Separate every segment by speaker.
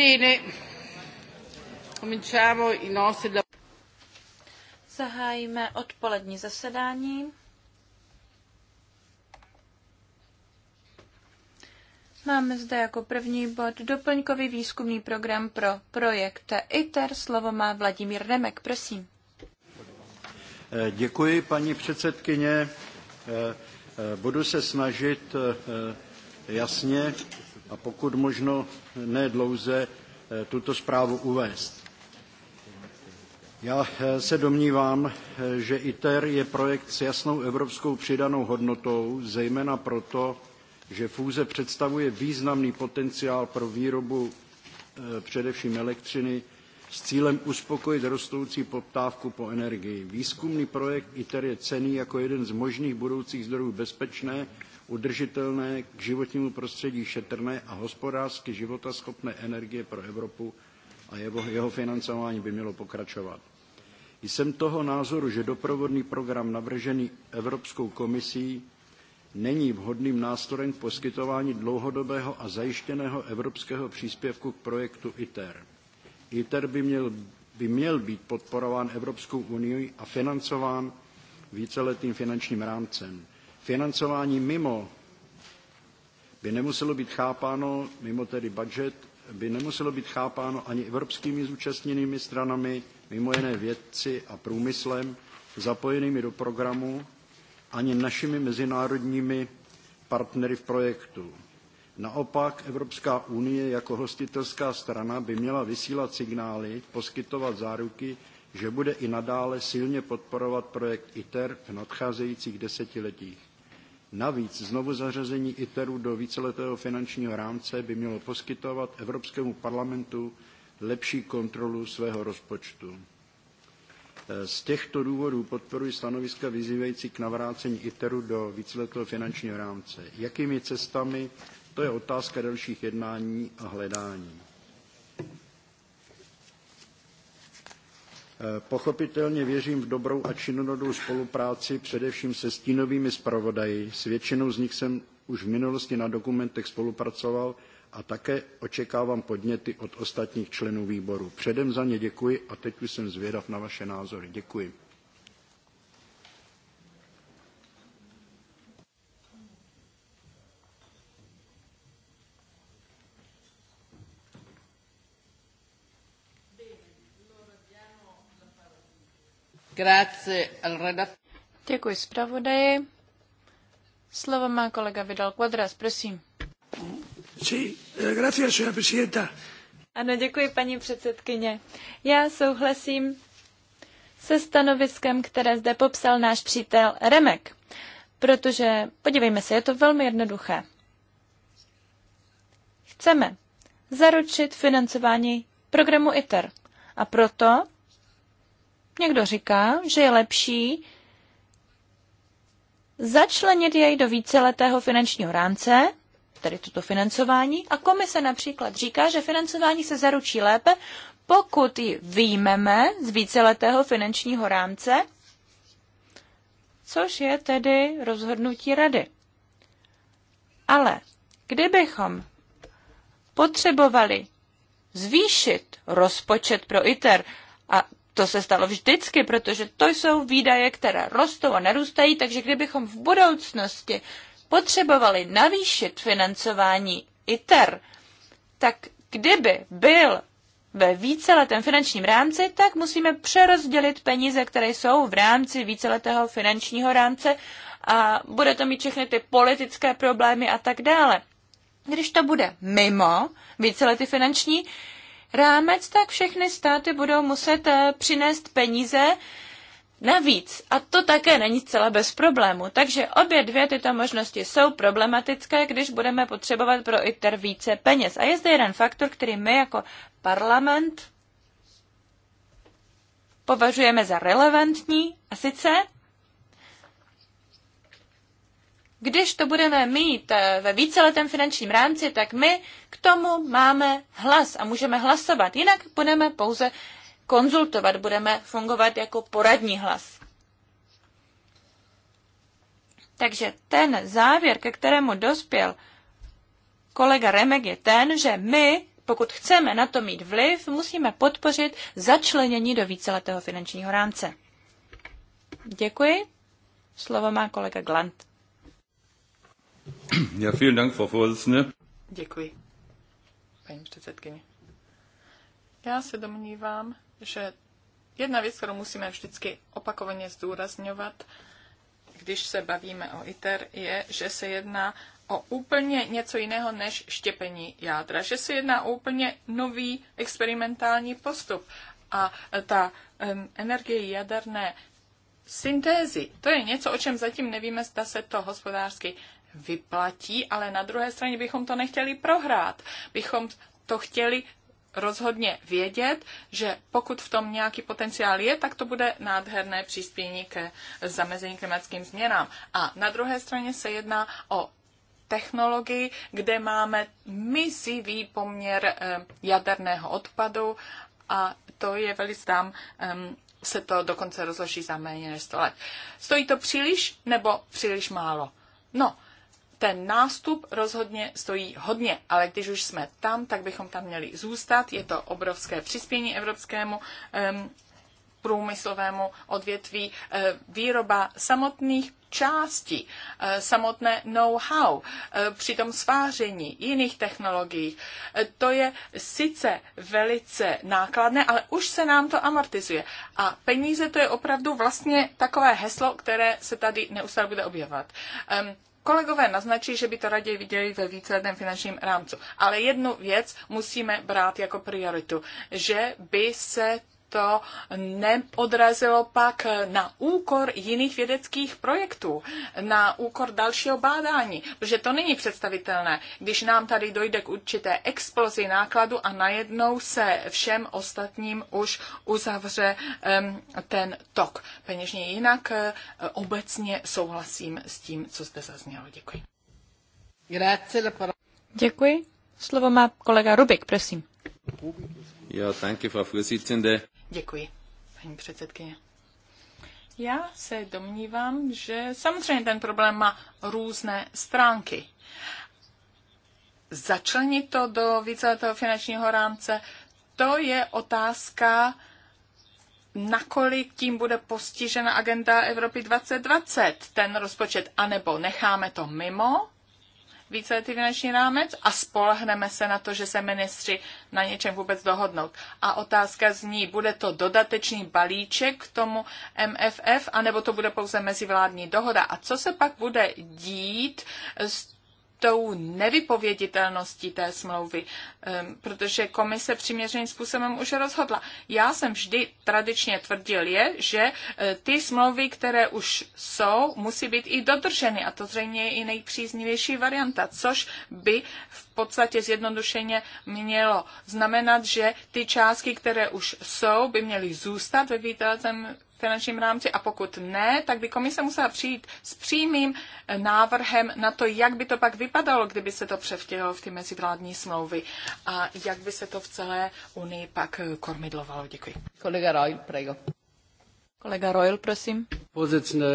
Speaker 1: Bene, cominciamo i nostri Zahájíme odpolední zasedání. Máme zde jako první bod doplňkový výzkumný program pro projekt ITER. Slovo má Vladimír Remek, prosím.
Speaker 2: Eh, děkuji, paní předsedkyně. Eh, eh, budu se snažit jasně a pokud možno dlouze eh, tuto zprávu uvést. Já eh, se domnívám, eh, že ITER je projekt s jasnou evropskou přidanou hodnotou, zejména proto, že fúze představuje významný potenciál pro výrobu především elektřiny s cílem uspokojit rostoucí poptávku po energii. Výzkumný projekt ITER je cený jako jeden z možných budoucích zdrojů bezpečné udržitelné, k životnímu prostředí šetrné a hospodářsky životaschopné energie pro Evropu a jeho, jeho financování by mělo pokračovat. Jsem toho názoru, že doprovodný program navržený Evropskou komisí není vhodným nástrojem k poskytování dlouhodobého a zajištěného evropského příspěvku k projektu ITER. ITER by měl, by měl být podporován Evropskou unii a financován víceletým finančním rámcem. Financování mimo by nemuselo být chápáno, mimo tedy budget, by nemuselo být chápáno ani evropskými zúčastněnými stranami, mimo jiné vědci a průmyslem, zapojenými do programu, ani našimi mezinárodními partnery v projektu. Naopak Evropská unie jako hostitelská strana by měla vysílat signály, poskytovat záruky, že bude i nadále silně podporovat projekt ITER v nadcházejících desetiletích. Navíc znovu zařazení ITERu do víceletého finančního rámce by mělo poskytovat Evropskému parlamentu lepší kontrolu svého rozpočtu. E, z těchto důvodů podporuji stanoviska vyzývající k navrácení ITERu do víceletého finančního rámce. Jakými cestami, to je otázka dalších jednání a hledání. Eh, pochopitelně věřím v dobrou a činnodou spolupráci především se stínovými zpravodaji. S většinou z nich jsem už v minulosti na dokumentech spolupracoval a také očekávám podněty od ostatních členů výboru. Předem za ně děkuji a teď už jsem zvědav na vaše názory. Děkuji.
Speaker 1: Děkuji zpravodaji. Slovo má kolega Vidal Quadras, prosím.
Speaker 2: Eh,
Speaker 1: ano, děkuji, paní předsedkyně. Já souhlasím se stanoviskem, které zde popsal náš přítel Remek. Protože, podívejme se, je to velmi jednoduché. Chceme zaručit financování programu ITER. A proto Někdo říká, že je lepší začlenit jej do víceletého finančního rámce, tedy toto financování, a komise například říká, že financování se zaručí lépe, pokud ji výjmeme z víceletého finančního rámce, což je tedy rozhodnutí rady. Ale kdybychom potřebovali zvýšit rozpočet pro ITER a to se stalo vždycky, protože to jsou výdaje, které rostou a narůstají, takže kdybychom v budoucnosti potřebovali navýšit financování ITER, tak kdyby byl ve víceletém finančním rámci, tak musíme přerozdělit peníze, které jsou v rámci víceletého finančního rámce a bude to mít všechny ty politické problémy a tak dále. Když to bude mimo víceletý finanční, rámec, tak všechny státy budou muset eh, přinést peníze navíc. A to také není zcela bez problému. Takže obě dvě tyto možnosti jsou problematické, když budeme potřebovat pro ITER více peněz. A je zde jeden faktor, který my jako parlament považujeme za relevantní, a sice když to budeme mít eh, ve víceletém finančním rámci, tak my k tomu máme hlas a můžeme hlasovat. Jinak budeme pouze konzultovat, budeme fungovat jako poradní hlas. Takže ten závěr, ke kterému dospěl kolega Remek, je ten, že my, pokud chceme na to mít vliv, musíme podpořit začlenění do víceletého finančního rámce. Děkuji. Slovo má kolega Glant. Děkuji,
Speaker 3: paní předsedkyně. Já se domnívám, že jedna věc, kterou musíme vždycky opakovaně zdůrazňovat, když se bavíme o ITER, je, že se jedná o úplně něco jiného než štěpení jádra, že se jedná o úplně nový experimentální postup. A ta um, energie jaderné syntézy, to je něco, o čem zatím nevíme, zda se to hospodářsky vyplatí, ale na druhé straně bychom to nechtěli prohrát. Bychom to chtěli rozhodně vědět, že pokud v tom nějaký potenciál je, tak to bude nádherné přispění ke zamezení klimatickým změnám. A na druhé straně se jedná o technologii, kde máme mizivý poměr eh, jaderného odpadu a to je velice tam ehm, se to dokonce rozloží za méně než 100 let. Stojí to příliš nebo příliš málo? No, ten nástup rozhodně stojí hodně, ale když už jsme tam, tak bychom tam měli zůstat. Je to obrovské přispění evropskému um, průmyslovému odvětví, eh, výroba samotných částí, eh, samotné know-how, eh, při tom sváření jiných technologií. To je sice velice nákladné, ale už se nám to amortizuje. A peníze to je opravdu vlastně takové heslo, které se tady neustále bude objevovat. Kolegové naznačí, že by to raději viděli ve výsledném finančním rámcu. Ale jednu věc musíme brát jako prioritu, že by se to neodrazilo pak na úkor jiných vědeckých projektů, na úkor dalšího bádání, protože to není představitelné, když nám tady dojde k určité explozi nákladu a najednou se všem ostatním už uzavře ten tok peněžně. Jinak eh, obecně souhlasím s tím, co
Speaker 1: zde zaznělo. Děkuji. Děkuji. Slovo má kolega Rubik, prosím.
Speaker 4: Ja, danke, Frau Vorsitzende.
Speaker 3: Děkuji, paní předsedkyně. Já se domnívám, že samozřejmě ten problém má různé stránky. Začlenit to do víceletého finančního rámce, to je otázka, nakolik tím bude postižena agenda Evropy 2020, ten rozpočet, anebo necháme to mimo víceletý finanční rámec a spolehneme se na to, že se ministři na něčem vůbec dohodnou. A otázka zní, bude to dodatečný balíček k tomu MFF, anebo to bude pouze mezivládní dohoda. A co se pak bude dít s tou nevypověditelností té smlouvy, ehm, protože komise přiměřeným způsobem už rozhodla. Já jsem vždy tradičně tvrdil je, že eh, ty smlouvy, které už jsou, musí být i dodrženy a to zřejmě je i nejpříznivější varianta, což by v podstatě zjednodušeně mělo znamenat, že ty částky, které už jsou, by měly zůstat ve výtelecem finančním rámci a pokud ne, tak by komise musela přijít s přímým eh, návrhem na to, jak by to pak vypadalo, kdyby se to převtělo v ty mezivládní smlouvy a jak by se to v celé Unii pak eh, kormidlovalo. Děkuji. Kolega Royal, prego.
Speaker 1: Kolega Royal, prosím. Pozicne.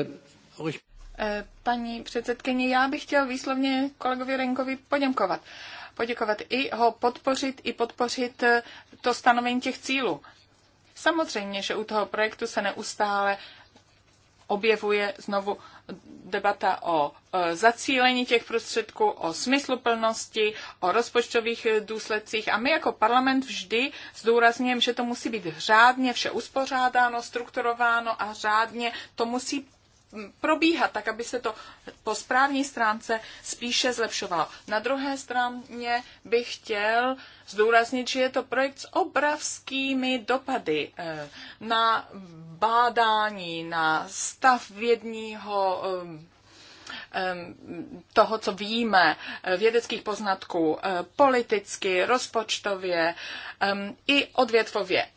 Speaker 1: Eh, paní
Speaker 3: předsedkyně, já bych chtěl výslovně kolegovi Renkovi poděkovat. Poděkovat i ho podpořit, i podpořit to stanovení těch cílů Samozřejmě, že u toho projektu se neustále objevuje znovu debata o e, zacílení těch prostředků, o smysluplnosti, o rozpočtových e, důsledcích a my jako parlament vždy zdůrazňujeme, že to musí být řádně vše uspořádáno, strukturováno a řádně to musí probíhat, tak aby se to po správní stránce spíše zlepšovalo. Na druhé straně bych chtěl zdůraznit, že je to projekt s obravskými dopady eh, na bádání, na stav vědního eh, eh, toho, co víme, vědeckých poznatků politicky, rozpočtově i odvětvově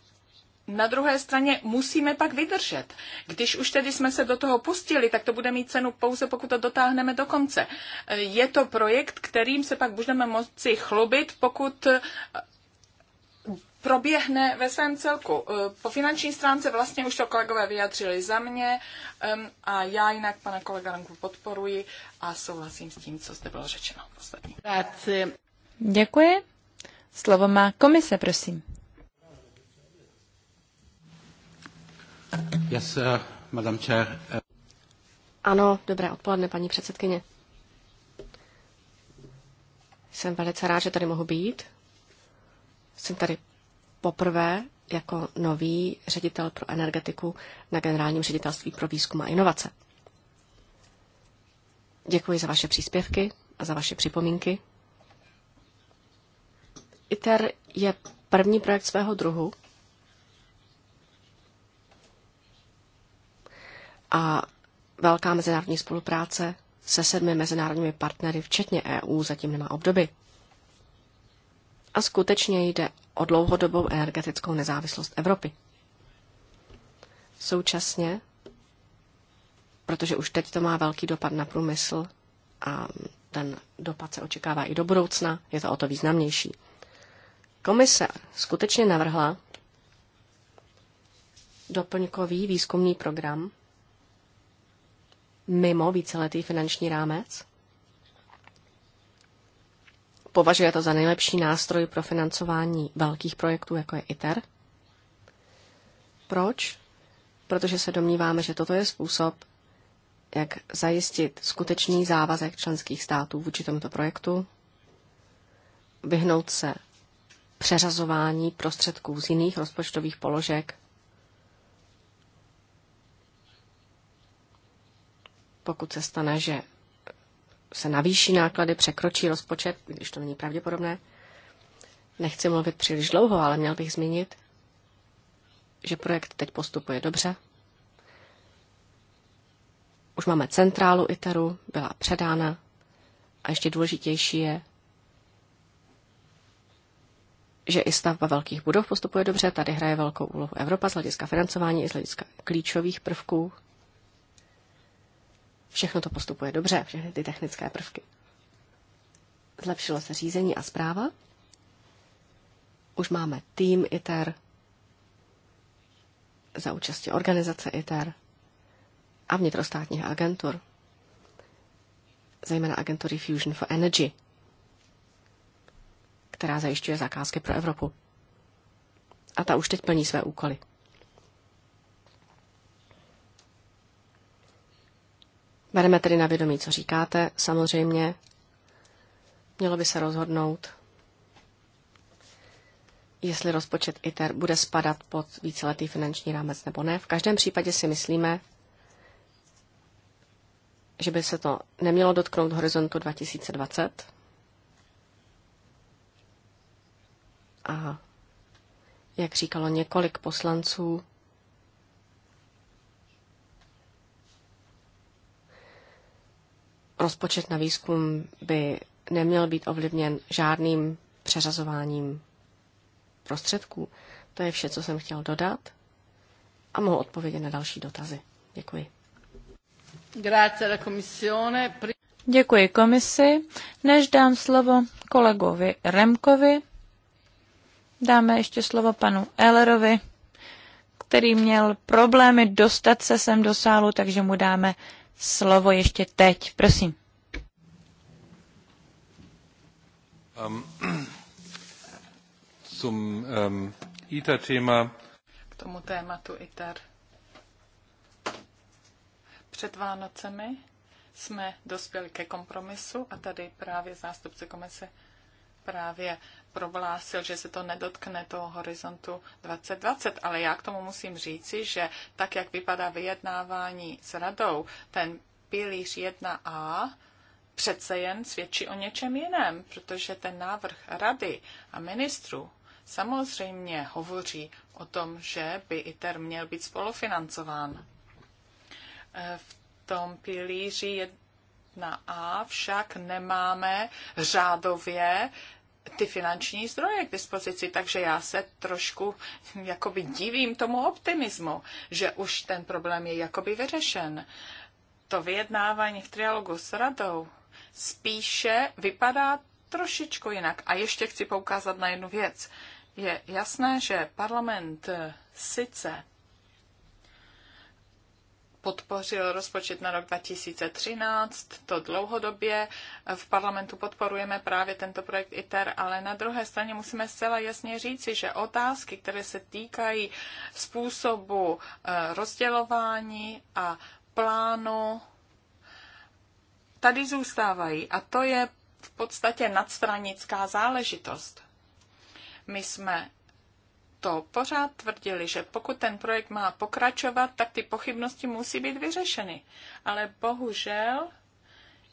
Speaker 3: na druhé straně musíme pak vydržet. Když už tedy jsme se do toho pustili, tak to bude mít cenu pouze, pokud to dotáhneme do konce. Je to projekt, kterým se pak budeme moci chlubit, pokud eh, proběhne ve svém celku. Eh, po finanční stránce vlastně už to kolegové vyjadřili za mě a já jinak pana kolega Ranku podporuji a souhlasím s tím, co zde bylo řečeno.
Speaker 1: Děkuji. Slovo má komise, prosím.
Speaker 2: Yes, uh, Madam Chair.
Speaker 5: Ano, dobré odpoledne, paní předsedkyně. Jsem velice rád, že tady mohu být. Jsem tady poprvé jako nový ředitel pro energetiku na Generálním ředitelství pro výzkum a inovace. Děkuji za vaše příspěvky a za vaše připomínky. ITER je první projekt svého druhu, a velká mezinárodní spolupráce se sedmi mezinárodními partnery, včetně EU, zatím nemá obdoby. A skutečně jde o dlouhodobou energetickou nezávislost Evropy. Současně, protože už teď to má velký dopad na průmysl a ten dopad se očekává i do budoucna, je to o to významnější. Komise skutečně navrhla doplňkový výzkumný program mimo víceletý finanční rámec? Považuje to za nejlepší nástroj pro financování velkých projektů, jako je ITER? Proč? Protože se domníváme, že toto je způsob, jak zajistit skutečný závazek členských států vůči tomuto projektu, vyhnout se přeřazování prostředků z jiných rozpočtových položek pokud se stane, že se navýší náklady, překročí rozpočet, když to není pravděpodobné. Nechci mluvit příliš dlouho, ale měl bych zmínit, že projekt teď postupuje dobře. Už máme centrálu ITERu, byla předána a ještě důležitější je, že i stavba velkých budov postupuje dobře. Tady hraje velkou úlohu Evropa z hlediska financování i z hlediska klíčových prvků Všechno to postupuje dobře, všechny ty technické prvky. Zlepšilo se řízení a zpráva. Už máme tým ITER za účasti organizace ITER a vnitrostátních agentur, zejména agentury Fusion for Energy, která zajišťuje zakázky pro Evropu. A ta už teď plní své úkoly. Bereme tedy na vědomí, co říkáte, samozřejmě. Mělo by se rozhodnout, jestli rozpočet ITER bude spadat pod víceletý finanční rámec nebo ne. V každém případě si myslíme, že by se to nemělo dotknout horizontu 2020. A jak říkalo několik poslanců, rozpočet na výzkum by neměl být ovlivněn žádným přeřazováním prostředků. To je vše, co jsem chtěl dodat a mohu
Speaker 1: odpovědět na další dotazy. Děkuji. Děkuji komisi. Než dám slovo kolegovi Remkovi, dáme ještě slovo panu Ellerovi, který měl problémy dostat se sem do sálu, takže mu dáme slovo ještě teď. Prosím.
Speaker 4: Um, zum, um, ITER téma.
Speaker 3: K tomu tématu ITER. Před Vánocemi jsme dospěli ke kompromisu a tady právě zástupce komise právě prohlásil, že se to nedotkne toho horizontu 2020, ale já k tomu musím říci, že tak, jak vypadá vyjednávání s radou, ten pilíř 1a přece jen svědčí o něčem jiném, protože ten návrh rady a ministru samozřejmě hovoří o tom, že by ITER měl být spolufinancován. E, v tom pilíři 1a však nemáme řádově ty finanční zdroje k dispozici, takže já se trošku jakoby divím tomu optimismu, že už ten problém je jakoby vyřešen. To vyjednávání v trialogu s radou spíše vypadá trošičku jinak. A ještě chci poukázat na jednu věc. Je jasné, že parlament eh, sice podpořil rozpočet na rok 2013, to dlouhodobě. V parlamentu podporujeme právě tento projekt ITER, ale na druhé straně musíme zcela jasně říci, že otázky, které se týkají způsobu eh, rozdělování a plánu, tady zůstávají. A to je v podstatě nadstranická záležitost. My jsme to pořád tvrdili, že pokud ten projekt má pokračovat, tak ty pochybnosti musí být vyřešeny. Ale bohužel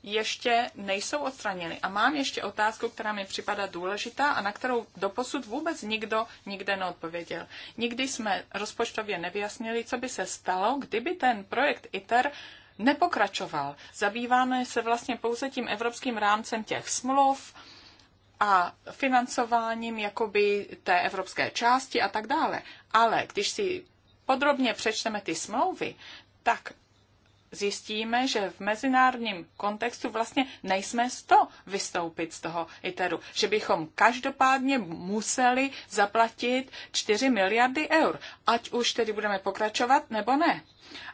Speaker 3: ještě nejsou odstraněny. A mám ještě otázku, která mi připadá důležitá a na kterou doposud vůbec nikdo nikde neodpověděl. Nikdy jsme rozpočtově nevyjasnili, co by se stalo, kdyby ten projekt ITER nepokračoval. Zabýváme se vlastně pouze tím evropským rámcem těch smluv, a financováním jakoby té evropské části a tak dále. Ale když si podrobně přečteme ty smlouvy, tak zjistíme, že v mezinárodním kontextu vlastně nejsme z to vystoupit z toho ITERu, že bychom každopádně museli zaplatit 4 miliardy eur, ať už tedy budeme pokračovat nebo ne.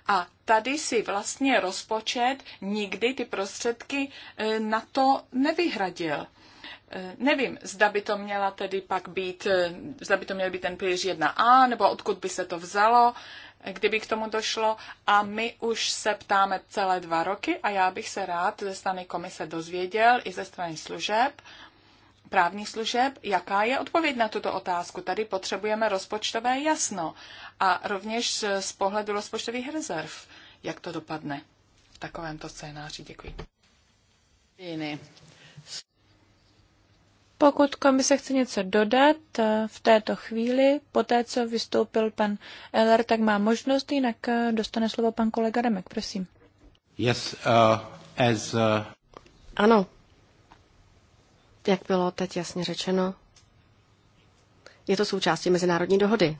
Speaker 3: A tady si vlastně rozpočet nikdy ty prostředky eh, na to nevyhradil. Eh, nevím, zda by to měla tedy pak být, eh, zda by to měl být ten pilíř 1a, nebo odkud by se to vzalo, eh, kdyby k tomu došlo. A my už se ptáme celé dva roky a já bych se rád ze strany komise dozvěděl i ze strany služeb, právních služeb, jaká je odpověď na tuto otázku. Tady potřebujeme rozpočtové jasno a rovněž z pohledu rozpočtových rezerv, jak to dopadne v takovémto scénáři. Děkuji.
Speaker 4: Jiný.
Speaker 1: Pokud komise chce něco dodat eh, v této chvíli, po té, co vystoupil pan Eller, tak má možnost, jinak eh, dostane slovo pan kolega Remek, prosím.
Speaker 2: Yes, uh, as, uh...
Speaker 5: Ano. Jak bylo teď jasně řečeno, je to součástí mezinárodní dohody.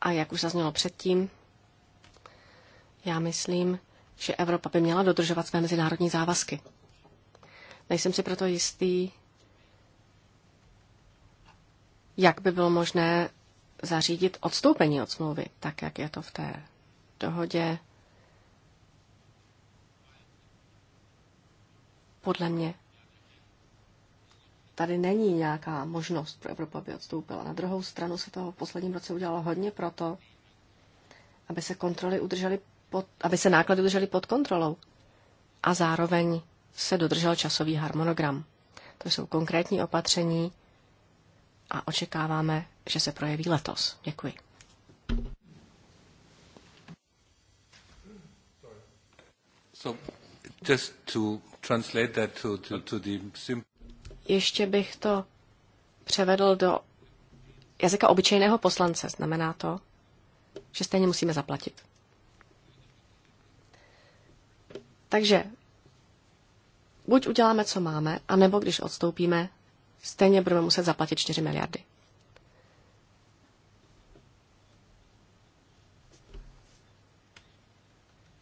Speaker 5: A jak už zaznělo předtím, já myslím, že Evropa by měla dodržovat své mezinárodní závazky. Nejsem si proto jistý, jak by bylo možné zařídit odstoupení od smlouvy, tak jak je to v té dohodě. Podle mě tady není nějaká možnost pro Evropu, aby odstoupila. Na druhou stranu se toho v posledním roce udělalo hodně proto, aby se kontroly udržely pod, aby se náklady udržely pod kontrolou a zároveň se dodržel časový harmonogram. To jsou konkrétní opatření, a očekáváme, že se projeví letos. Děkuji.
Speaker 4: So, just to translate that to, to, to the
Speaker 5: Ještě bych to převedl do jazyka obyčejného poslance. Znamená to, že stejně musíme zaplatit. Takže buď uděláme, co máme, anebo když odstoupíme, stejně budeme muset zaplatit 4 miliardy.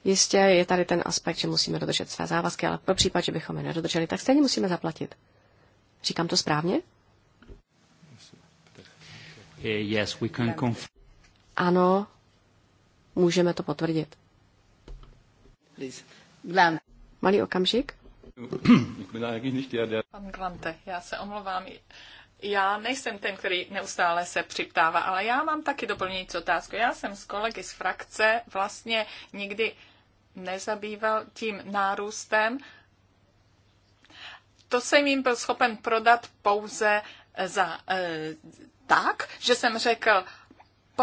Speaker 5: Jistě je tady ten aspekt, že musíme dodržet své závazky, ale pro případ, že bychom je nedodrželi, tak stejně musíme zaplatit. Říkám to správně?
Speaker 2: Yes, we can
Speaker 5: ano, můžeme to potvrdit. Malý
Speaker 4: okamžik. Pan
Speaker 3: Glante, já se omlouvám. Já nejsem ten, který neustále se připtává, ale já mám taky doplňující otázku. Já jsem s kolegy z frakce vlastně nikdy nezabýval tím nárůstem. To jsem jim byl schopen prodat pouze za eh, tak, že jsem řekl,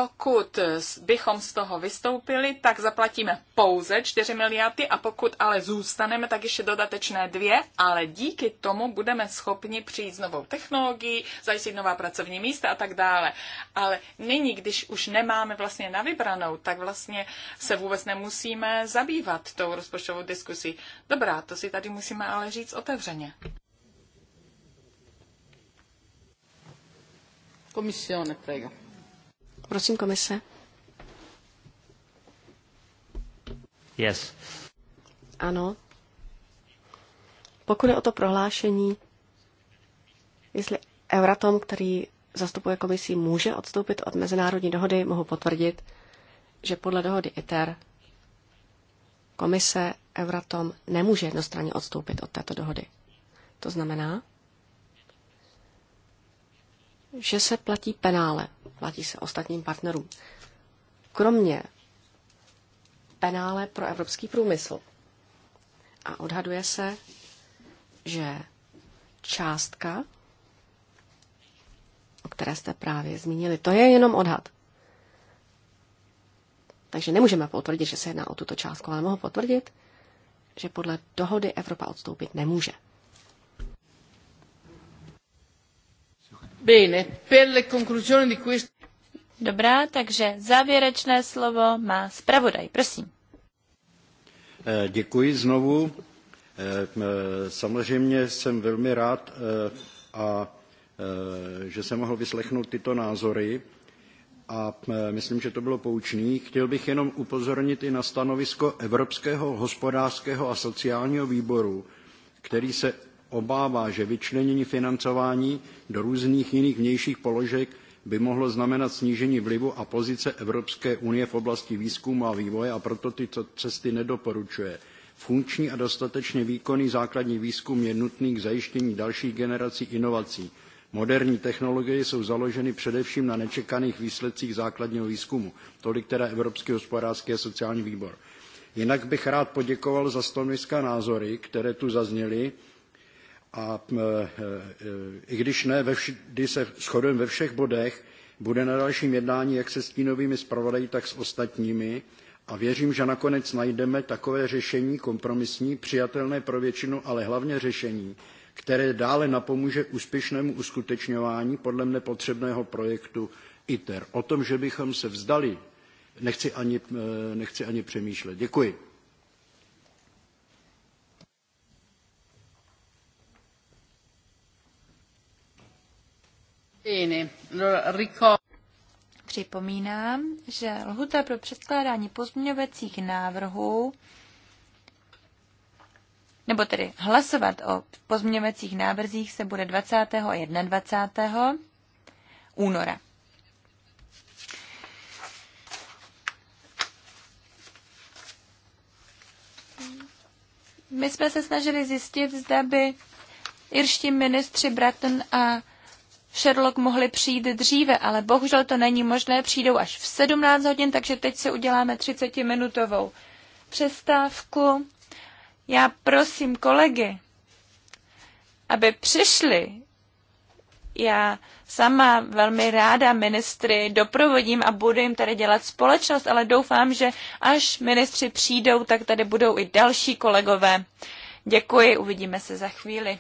Speaker 3: pokud bychom z toho vystoupili, tak zaplatíme pouze 4 miliardy a pokud ale zůstaneme, tak ještě dodatečné dvě, ale díky tomu budeme schopni přijít s novou technologií, zajistit nová pracovní místa a tak dále. Ale nyní, když už nemáme vlastně na vybranou, tak vlastně se vůbec nemusíme zabývat tou rozpočtovou diskusí. Dobrá, to si tady musíme ale říct otevřeně. Komisione, prego.
Speaker 5: Prosím, komise. Yes. Ano. Pokud je o to prohlášení, jestli Euratom, který zastupuje komisi, může odstoupit od mezinárodní dohody, mohu potvrdit, že podle dohody ITER komise Euratom nemůže jednostranně odstoupit od této dohody. To znamená, že se platí penále, platí se ostatním partnerům. Kromě penále pro evropský průmysl. A odhaduje se, že částka, o které jste právě zmínili, to je jenom odhad. Takže nemůžeme potvrdit, že se jedná o tuto částku, ale mohu potvrdit, že podle dohody Evropa odstoupit nemůže.
Speaker 1: Bene, per le conclusioni di questo... Dobrá, takže závěrečné slovo má zpravodaj, prosím.
Speaker 2: Eh, děkuji znovu. Eh, samozřejmě jsem velmi rád, eh, a, že jsem mohl vyslechnout tyto názory a myslím, že to bylo poučný. Chtěl bych jenom upozornit i na stanovisko Evropského hospodářského a sociálního výboru, který se obává, že vyčlenění financování do různých jiných vnějších položek by mohlo znamenat snížení vlivu a pozice Evropské unie v oblasti výzkumu a vývoje a proto tyto cesty nedoporučuje. Funkční a dostatečně výkonný základní výzkum je nutný k zajištění dalších generací inovací. Moderní technologie jsou založeny především na nečekaných výsledcích základního výzkumu. Tolik teda Evropský hospodářský a sociální výbor. Jinak bych rád poděkoval za stanoviska názory, které tu zazněly a e, e, i když ne vždy se shodujeme ve všech bodech, bude na dalším jednání jak se stínovými zpravodaji, tak s ostatními a věřím, že nakonec najdeme takové řešení kompromisní, přijatelné pro většinu, ale hlavně řešení, které dále napomůže úspěšnému uskutečňování podle mne potřebného projektu ITER. O tom, že bychom se vzdali, nechci ani, e, nechci ani přemýšlet. Děkuji.
Speaker 1: Připomínám, že lhuta pro předkládání pozměňovacích návrhů nebo tedy hlasovat o pozměňovacích návrzích se bude 20. a 21. února. My jsme se snažili zjistit, zda by irští ministři Bratton a Sherlock mohli přijít dříve, ale bohužel to není možné, přijdou až v 17 hodin, takže teď si uděláme 30-minutovou přestávku. Já prosím kolegy, aby přišli. Já sama velmi ráda ministry doprovodím a budu jim tady dělat společnost, ale doufám, že až ministři přijdou, tak tady budou i další kolegové. Děkuji, uvidíme se za chvíli.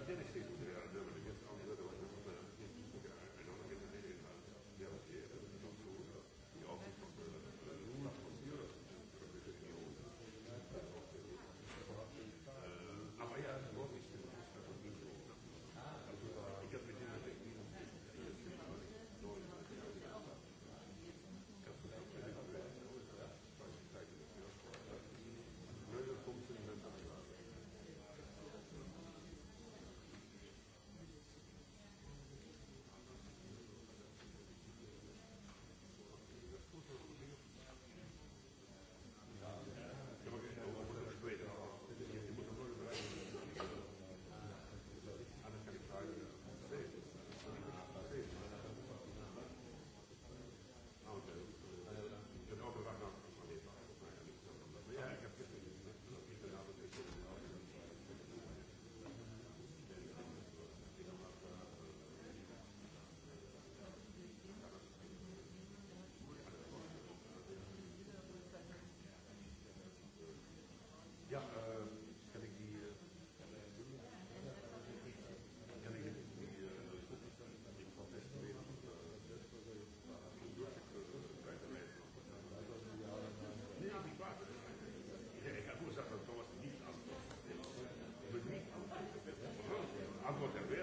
Speaker 4: Kde prostě nechci zůstat? potřebuje.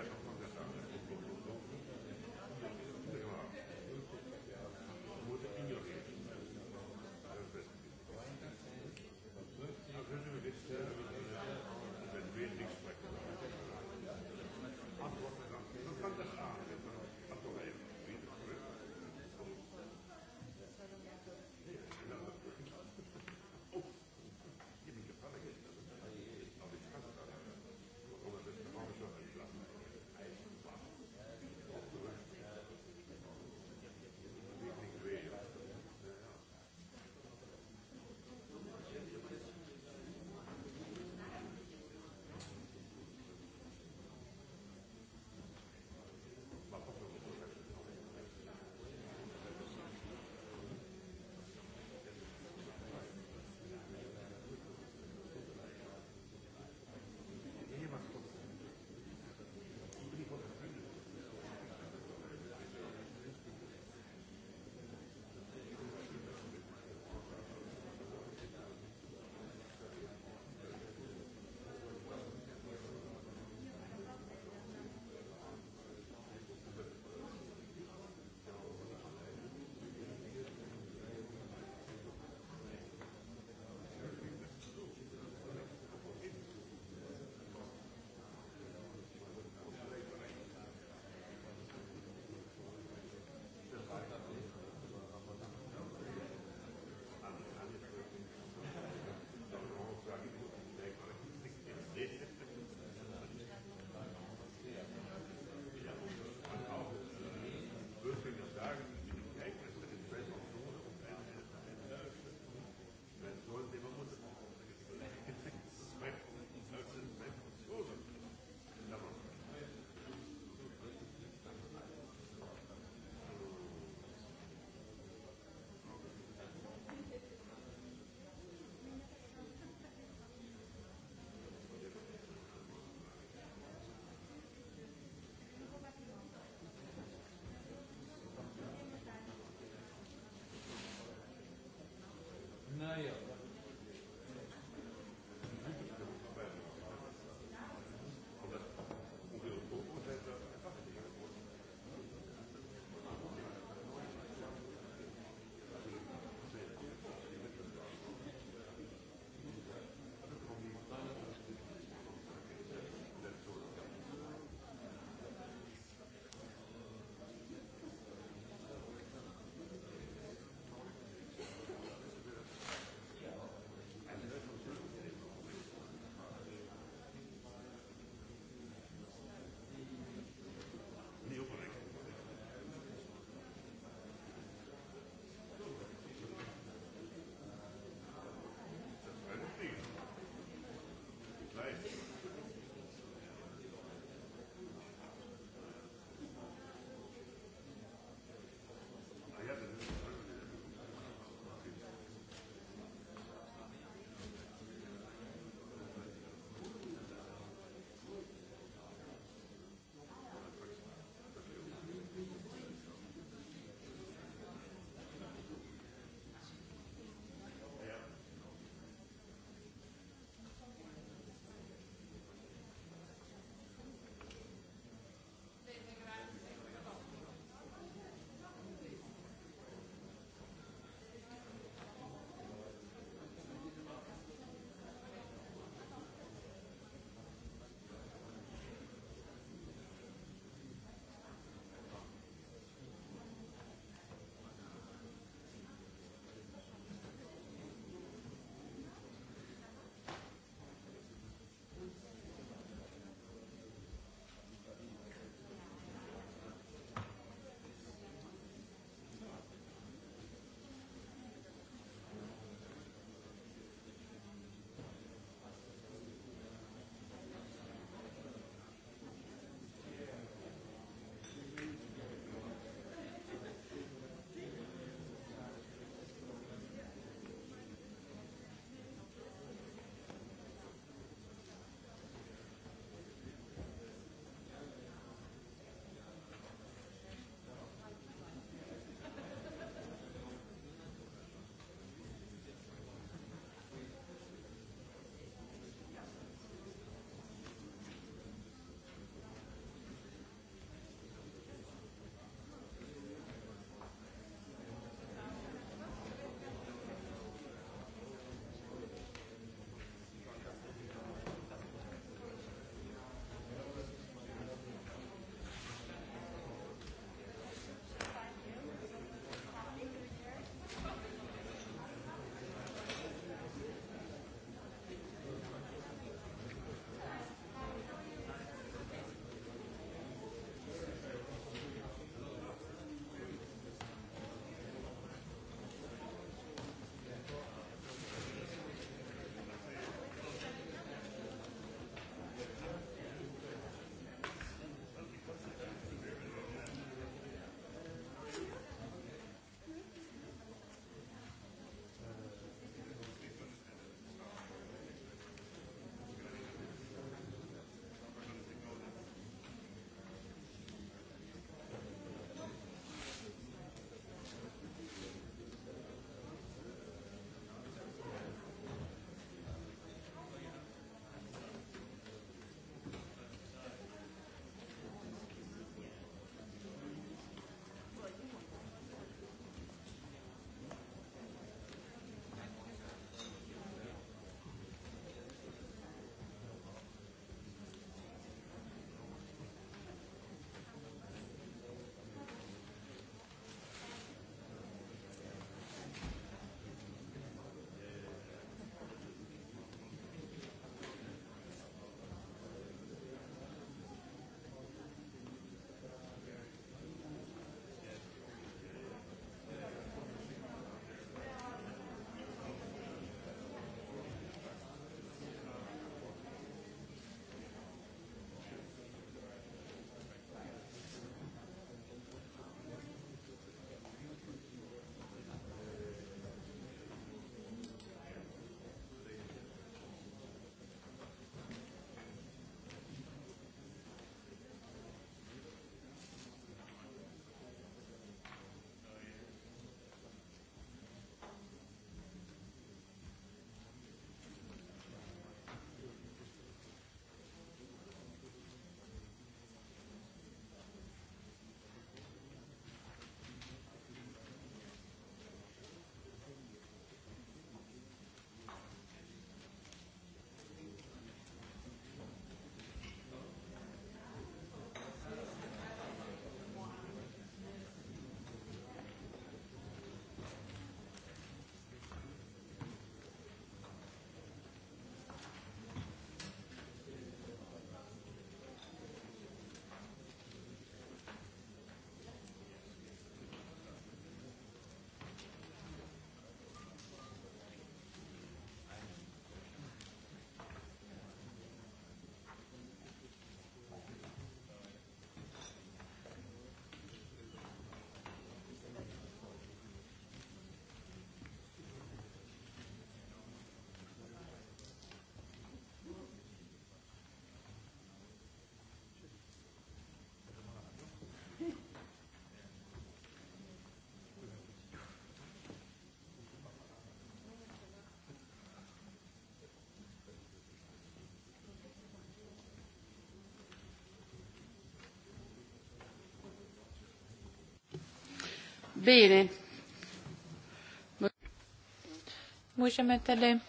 Speaker 1: Můžeme tedy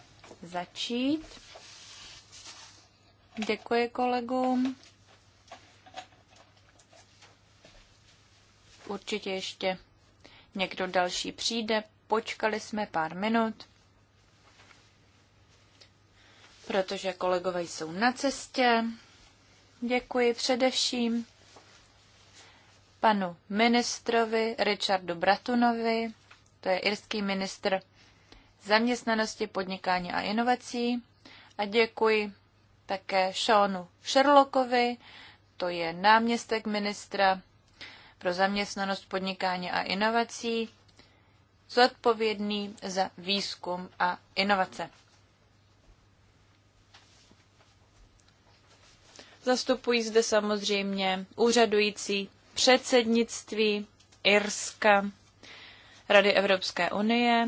Speaker 1: začít. Děkuji kolegům. Určitě ještě někdo další přijde. Počkali jsme pár minut, protože kolegové jsou na cestě. Děkuji především panu ministrovi Richardu Bratunovi, to je irský ministr zaměstnanosti, podnikání a inovací. A děkuji také Seanu Sherlockovi, to je náměstek ministra pro zaměstnanost, podnikání a inovací, zodpovědný za výzkum a inovace. Zastupují zde samozřejmě úřadující předsednictví Irska Rady Evropské unie.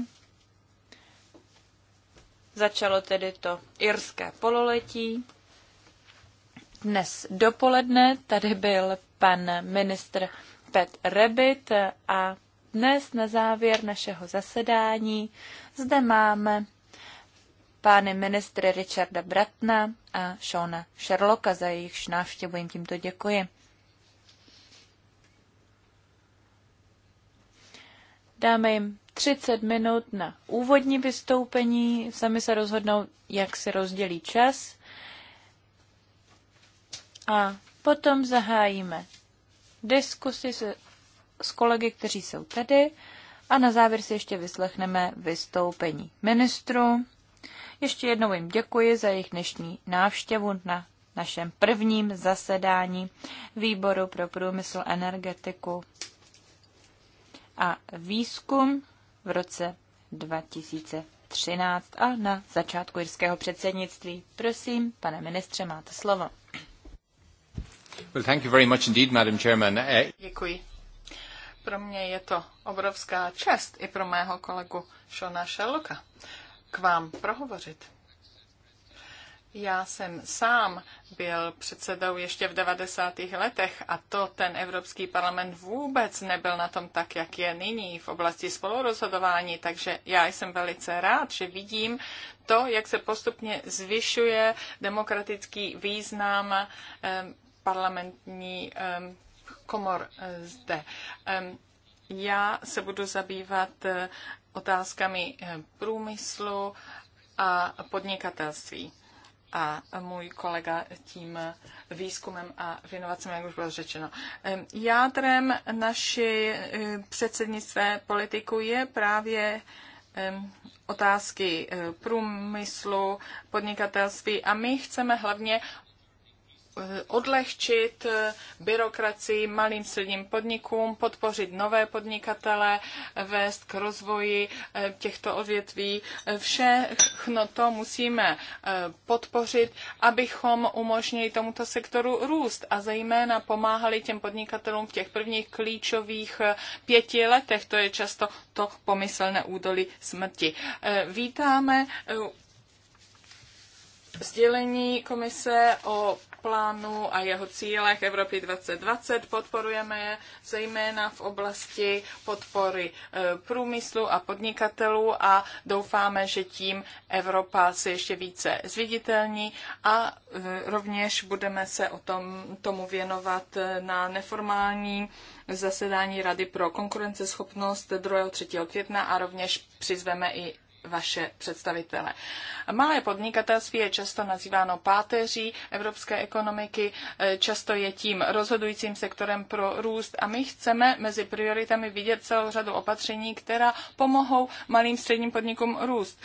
Speaker 1: Začalo tedy to irské pololetí. Dnes dopoledne tady byl pan ministr Pet Rebit a dnes na závěr našeho zasedání zde máme pány ministry Richarda Bratna a Shona Sherlocka, za jejich návštěvu jim tímto děkuji. Dáme jim 30 minut na úvodní vystoupení, sami se rozhodnou, jak si rozdělí čas. A potom zahájíme diskusy se, s kolegy, kteří jsou tady. A na závěr si ještě vyslechneme vystoupení ministru. Ještě jednou jim děkuji za jejich dnešní návštěvu na našem prvním zasedání Výboru pro průmysl, energetiku a výzkum v roce 2013 a na začátku jirského předsednictví. Prosím, pane ministře, máte slovo.
Speaker 3: Well, thank you very much indeed, Madam Chairman. Eh, Děkuji. Pro mě je to obrovská čest i pro mého kolegu Šona Šeloka k vám prohovořit. Já jsem sám byl předsedou ještě v 90. letech a to ten Evropský parlament vůbec nebyl na tom tak, jak je nyní v oblasti spolurozhodování, takže já jsem velice rád, že vidím to, jak se postupně zvyšuje demokratický význam parlamentní komor eh, zde. Já se budu zabývat eh, otázkami eh, průmyslu a podnikatelství a můj kolega tím výzkumem a věnovacím, jak už bylo řečeno. Jádrem naší eh, předsednictvé politiku je právě otázky eh, průmyslu, podnikatelství a my chceme hlavně Eh, odlehčit eh, byrokracii malým středním podnikům, podpořit nové podnikatele, vést k rozvoji eh, těchto odvětví. Všechno to musíme podpořit, abychom umožnili tomuto sektoru růst a zejména pomáhali těm podnikatelům v těch prvních klíčových pěti letech. To je často to pomyslné údolí smrti. Vítáme sdělení komise o plánu a jeho cílech Evropy 2020. Podporujeme je zejména v oblasti podpory e, průmyslu a podnikatelů a doufáme, že tím Evropa se ještě více zviditelní a e, rovněž budeme se o tom, tomu věnovat e, na neformální zasedání Rady pro konkurenceschopnost 2. 3. května a rovněž přizveme i vaše představitele. Malé podnikatelství je často nazýváno páteří evropské ekonomiky, e, často je tím rozhodujícím sektorem pro růst a my chceme mezi prioritami vidět celou řadu opatření, která pomohou malým středním podnikům růst.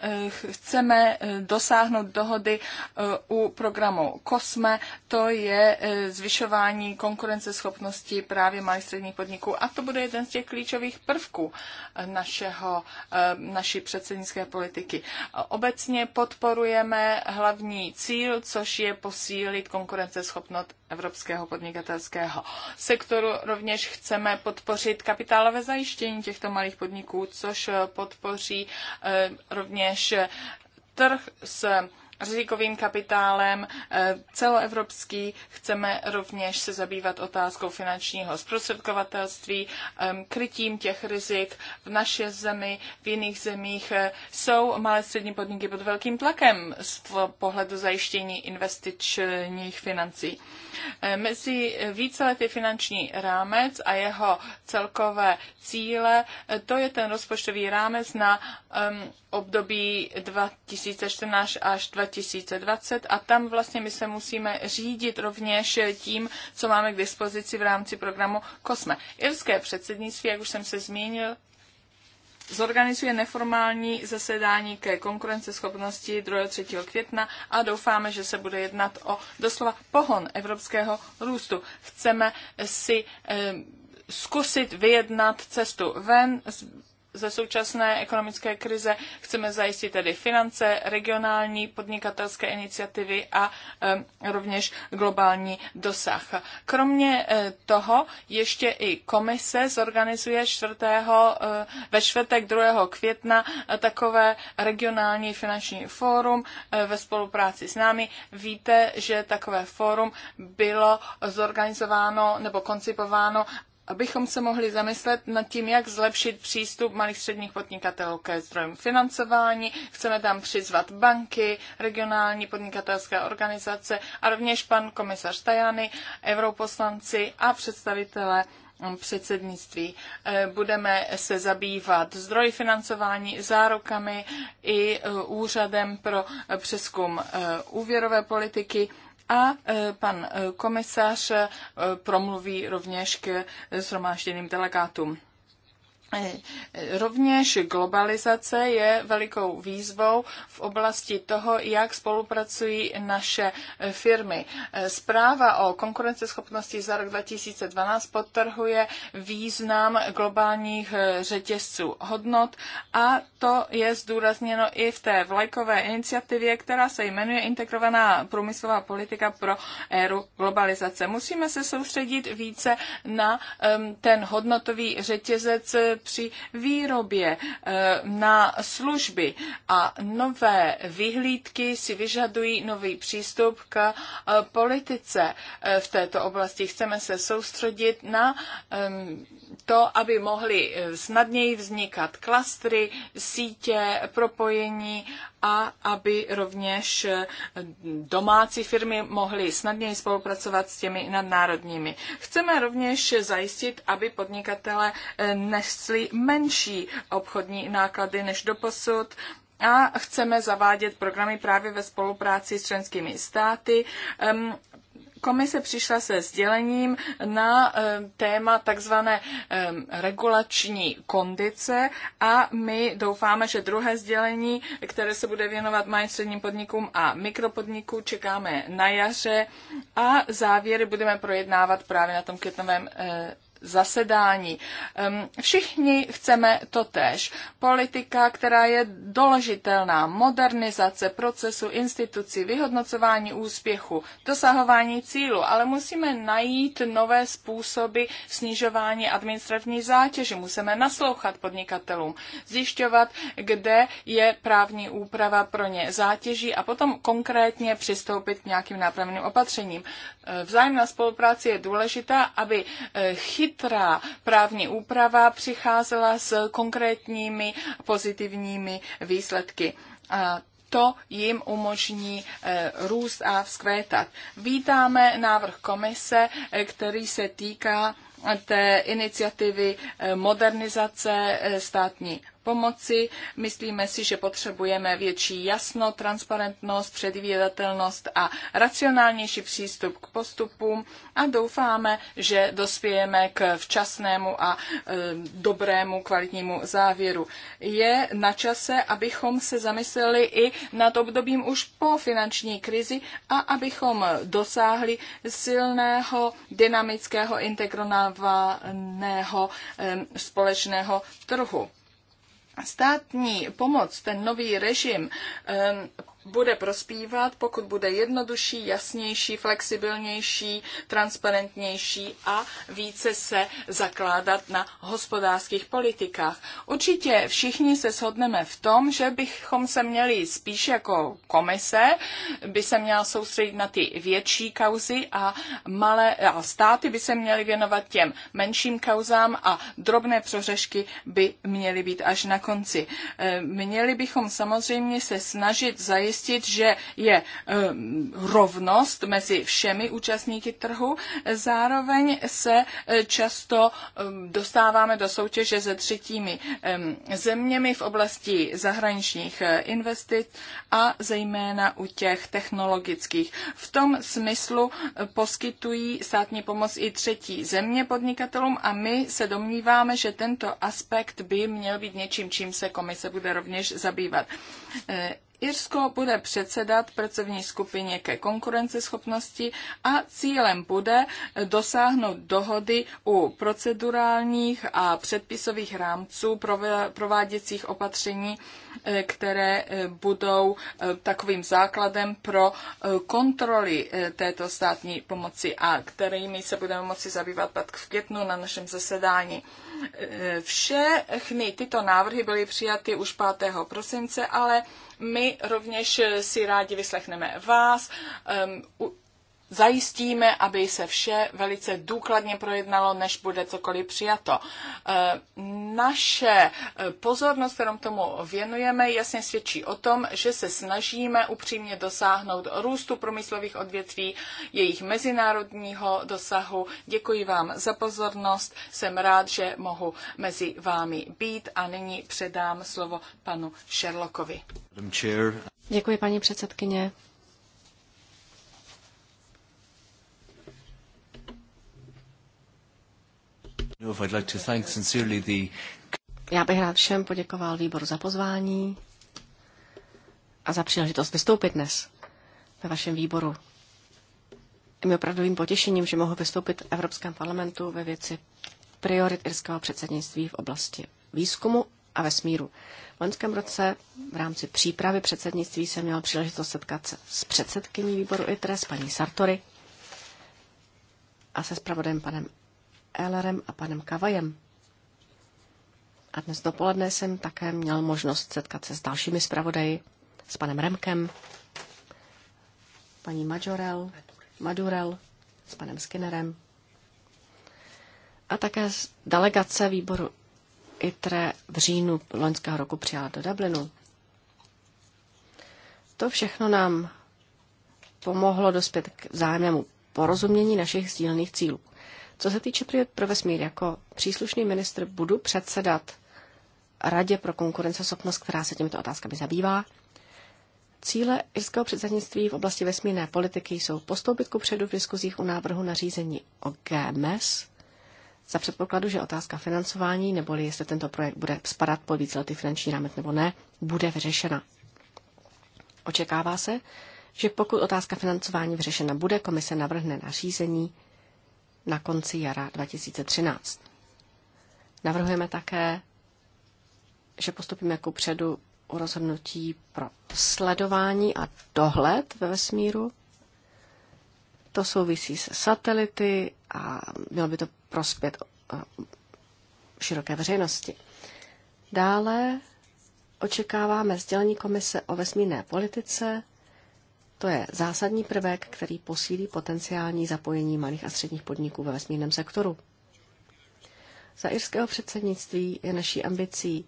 Speaker 3: Eh, chceme eh, dosáhnout dohody eh, u programu COSME, to je zvyšování konkurenceschopnosti právě malých středních podniků a to bude jeden z těch klíčových prvků našeho, naší předsednické politiky. Obecně podporujeme hlavní cíl, což je posílit konkurenceschopnost evropského podnikatelského sektoru. Rovněž chceme podpořit kapitálové zajištění těchto malých podniků, což podpoří eh, rovněž trh s rizikovým kapitálem eh, celoevropský. Chceme rovněž se zabývat otázkou finančního zprostředkovatelství, krytím těch rizik v naší zemi, v jiných zemích. Eh, jsou malé střední podniky pod velkým tlakem z pohledu zajištění investičních financí. Eh, mezi víceletý finanční rámec a jeho celkové cíle, to je ten rozpočtový rámec na období 2014 až 2020 2020 a tam vlastně my se musíme řídit rovněž tím, co máme k dispozici v rámci programu COSME. Irské předsednictví, jak už jsem se zmínil, zorganizuje neformální zasedání ke konkurenceschopnosti 2. 3. května a doufáme, že se bude jednat o doslova pohon evropského růstu. Chceme si eh, zkusit vyjednat cestu ven z ze současné ekonomické krize. Chceme zajistit tedy finance, regionální podnikatelské iniciativy a eh, rovněž globální dosah. Kromě eh, toho ještě i komise zorganizuje 4. Eh, ve čtvrtek 2. května takové regionální finanční fórum ve spolupráci s námi. Víte, že takové fórum bylo zorganizováno nebo koncipováno abychom se mohli zamyslet nad tím, jak zlepšit přístup malých středních podnikatelů ke zdrojům financování. Chceme tam přizvat banky, regionální podnikatelské organizace a rovněž pan komisař Tajany, europoslanci a představitele předsednictví. Eh, budeme se zabývat zdroji financování, zárokami i eh, úřadem pro eh, přeskum úvěrové politiky a e, pan e, komisař e, promluví rovněž k zhromážděným delegátům. Rovněž globalizace je velikou výzvou v oblasti toho, jak spolupracují naše firmy. Zpráva o konkurenceschopnosti za rok 2012 podtrhuje význam globálních řetězců hodnot a to je zdůrazněno i v té vlajkové iniciativě, která se jmenuje Integrovaná průmyslová politika pro éru globalizace. Musíme se soustředit více na ten hodnotový řetězec při výrobě, eh, na služby a nové vyhlídky si vyžadují nový přístup k eh, politice eh, v této oblasti. Chceme se soustředit na ehm, to, aby mohly eh, snadněji vznikat klastry, sítě, propojení a aby rovněž eh, domácí firmy mohly snadněji spolupracovat s těmi nadnárodními. Chceme rovněž zajistit, aby podnikatele eh, nesli menší obchodní náklady než doposud, a chceme zavádět programy právě ve spolupráci s členskými státy Komise přišla se sdělením na eh, téma takzvané eh, regulační kondice a my doufáme, že druhé sdělení, které se bude věnovat malým středním podnikům a mikropodnikům, čekáme na jaře a závěry budeme projednávat právě na tom květnovém eh, zasedání. Všichni chceme to tež. Politika, která je doložitelná, modernizace procesu institucí, vyhodnocování úspěchu, dosahování cílu, ale musíme najít nové způsoby snižování administrativní zátěže. Musíme naslouchat podnikatelům, zjišťovat, kde je právní úprava pro ně zátěží a potom konkrétně přistoupit k nějakým nápravným opatřením. Vzájemná spolupráce je důležitá, aby eh, chyb chytrá právní úprava přicházela s konkrétními pozitivními výsledky. A to jim umožní eh, růst a vzkvétat. Vítáme návrh komise, eh, který se týká té iniciativy eh, modernizace státní pomoci. Myslíme si, že potřebujeme větší jasno, transparentnost, předvídatelnost a racionálnější přístup k postupům a doufáme, že dospějeme k včasnému a e, dobrému kvalitnímu závěru. Je na čase, abychom se zamysleli i nad obdobím už po finanční krizi a abychom dosáhli silného, dynamického, integrovaného e, společného trhu státní pomoc, ten nový režim bude prospívat, pokud bude jednodušší, jasnější, flexibilnější, transparentnější a více se zakládat na hospodářských politikách. Určitě všichni se shodneme v tom, že bychom se měli spíš jako komise, by se měla soustředit na ty větší kauzy a malé a státy by se měly věnovat těm menším kauzám a drobné prořešky by měly být až na konci. E, měli bychom samozřejmě se snažit zajistit zajistit, že je ehm, rovnost mezi všemi účastníky trhu. Zároveň se e, často ehm, dostáváme do soutěže se třetími ehm, zeměmi v oblasti zahraničních e, investic a zejména u těch technologických. V tom smyslu e, poskytují státní pomoc i třetí země podnikatelům a my se domníváme, že tento aspekt by měl být něčím, čím se komise bude rovněž zabývat. Irsko bude předsedat pracovní skupině ke konkurenceschopnosti a cílem bude dosáhnout dohody u procedurálních a předpisových rámců prováděcích opatření, eh, které eh, budou eh, takovým základem pro kontroly této státní pomoci a kterými se budeme moci zabývat pak v květnu na našem zasedání. Všechny tyto návrhy byly přijaty už 5. prosince, ale my rovněž si rádi vyslechneme vás zajistíme, aby se vše velice důkladně projednalo, než bude cokoliv přijato. Eh, naše eh, pozornost, kterou tomu věnujeme, jasně svědčí o tom, že se snažíme upřímně dosáhnout růstu průmyslových odvětví, jejich mezinárodního dosahu. Děkuji vám za pozornost, jsem rád, že mohu mezi vámi být a nyní předám slovo panu Sherlockovi.
Speaker 5: Děkuji, paní předsedkyně. Já bych rád všem poděkoval výboru za pozvání a za příležitost vystoupit dnes ve vašem výboru. Je mi opravdovým potěšením, že mohu vystoupit v Evropském parlamentu ve věci priorit irského předsednictví v oblasti výzkumu a vesmíru. V loňském roce v rámci přípravy předsednictví jsem měla příležitost setkat se s předsedkyní výboru ITRE, s paní Sartory a se spravodajem panem Ellerem a panem Kavajem. A dnes dopoledne jsem také měl možnost setkat se s dalšími zpravodaji, s panem Remkem, paní Majorel, Madurel, s panem Skinnerem a také z delegace výboru ITRE v říjnu loňského roku přijala do Dublinu. To všechno nám pomohlo dospět k vzájemnému porozumění našich sdílných cílů. Co se týče pro vesmír, jako příslušný ministr budu předsedat Radě pro konkurenceschopnost, která se těmito otázkami zabývá. Cíle irského předsednictví v oblasti vesmírné politiky jsou postoupit ku předu v diskuzích u návrhu na řízení o GMS za předpokladu, že otázka financování, neboli jestli tento projekt bude spadat pod víceletý finanční rámec nebo ne, bude vyřešena. Očekává se, že pokud otázka financování vyřešena bude, komise navrhne na řízení na konci jara 2013. Navrhujeme také, že postupíme ku předu u rozhodnutí pro sledování a dohled ve vesmíru. To souvisí se satelity a mělo by to prospět eh, široké veřejnosti. Dále očekáváme sdělení komise o vesmírné politice to je zásadní prvek, který posílí potenciální zapojení malých a středních podniků ve vesmírném sektoru. Za irského předsednictví je naší ambicí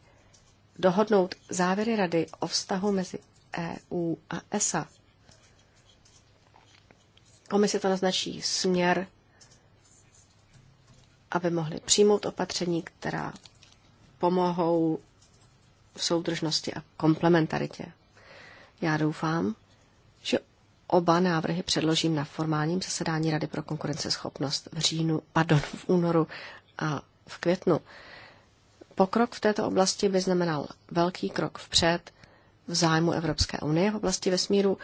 Speaker 5: dohodnout závěry rady o vztahu mezi EU a ESA. Komise to naznačí směr, aby mohli přijmout opatření, která pomohou v soudržnosti a komplementaritě. Já doufám, že oba návrhy předložím na formálním zasedání Rady pro konkurenceschopnost v říjnu, pardon, v únoru a v květnu. Pokrok v této oblasti by znamenal velký krok vpřed v zájmu Evropské unie v oblasti vesmíru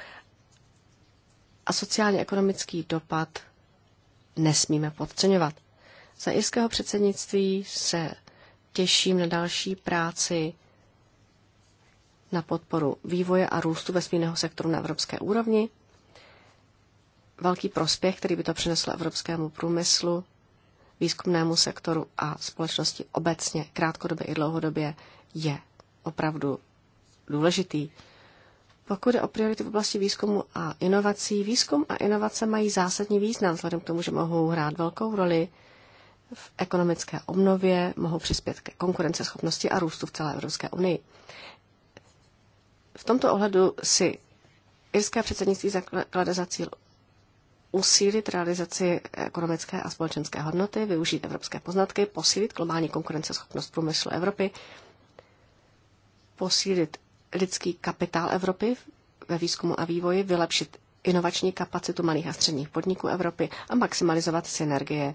Speaker 5: a sociálně-ekonomický dopad nesmíme podceňovat. Za irského předsednictví se těším na další práci na podporu vývoje a růstu vesmírného sektoru na evropské úrovni. Velký prospěch, který by to přineslo evropskému průmyslu, výzkumnému sektoru a společnosti obecně, krátkodobě i dlouhodobě, je opravdu důležitý. Pokud je o priority v oblasti výzkumu a inovací, výzkum a inovace mají zásadní význam vzhledem k tomu, že mohou hrát velkou roli v ekonomické obnově, mohou přispět ke konkurenceschopnosti a růstu v celé Evropské unii. V tomto ohledu si irské předsednictví zaklade za cíl usílit realizaci ekonomické a společenské hodnoty, využít evropské poznatky, posílit globální konkurenceschopnost průmyslu Evropy, posílit lidský kapitál Evropy ve výzkumu a vývoji, vylepšit inovační kapacitu malých a středních podniků Evropy a maximalizovat synergie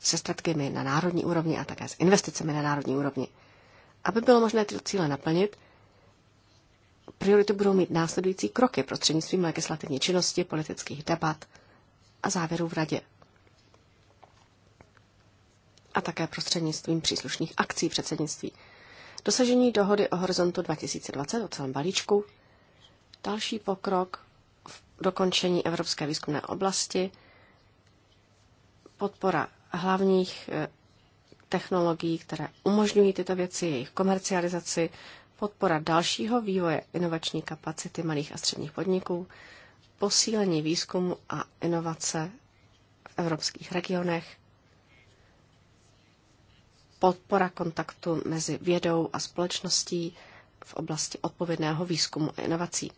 Speaker 5: se strategiemi na národní úrovni a také s investicemi na národní úrovni. Aby bylo možné tyto cíle naplnit, prioritu budou mít následující kroky prostřednictvím legislativní činnosti, politických debat a závěrů v radě. A také prostřednictvím příslušných akcí předsednictví. Dosažení dohody o horizontu 2020 o celém balíčku, další pokrok v dokončení Evropské výzkumné oblasti, podpora hlavních eh, technologií, které umožňují tyto věci, jejich komercializaci, podpora dalšího vývoje inovační kapacity malých a středních podniků, posílení výzkumu a inovace v evropských regionech, podpora kontaktu mezi vědou a společností v oblasti odpovědného výzkumu a inovací.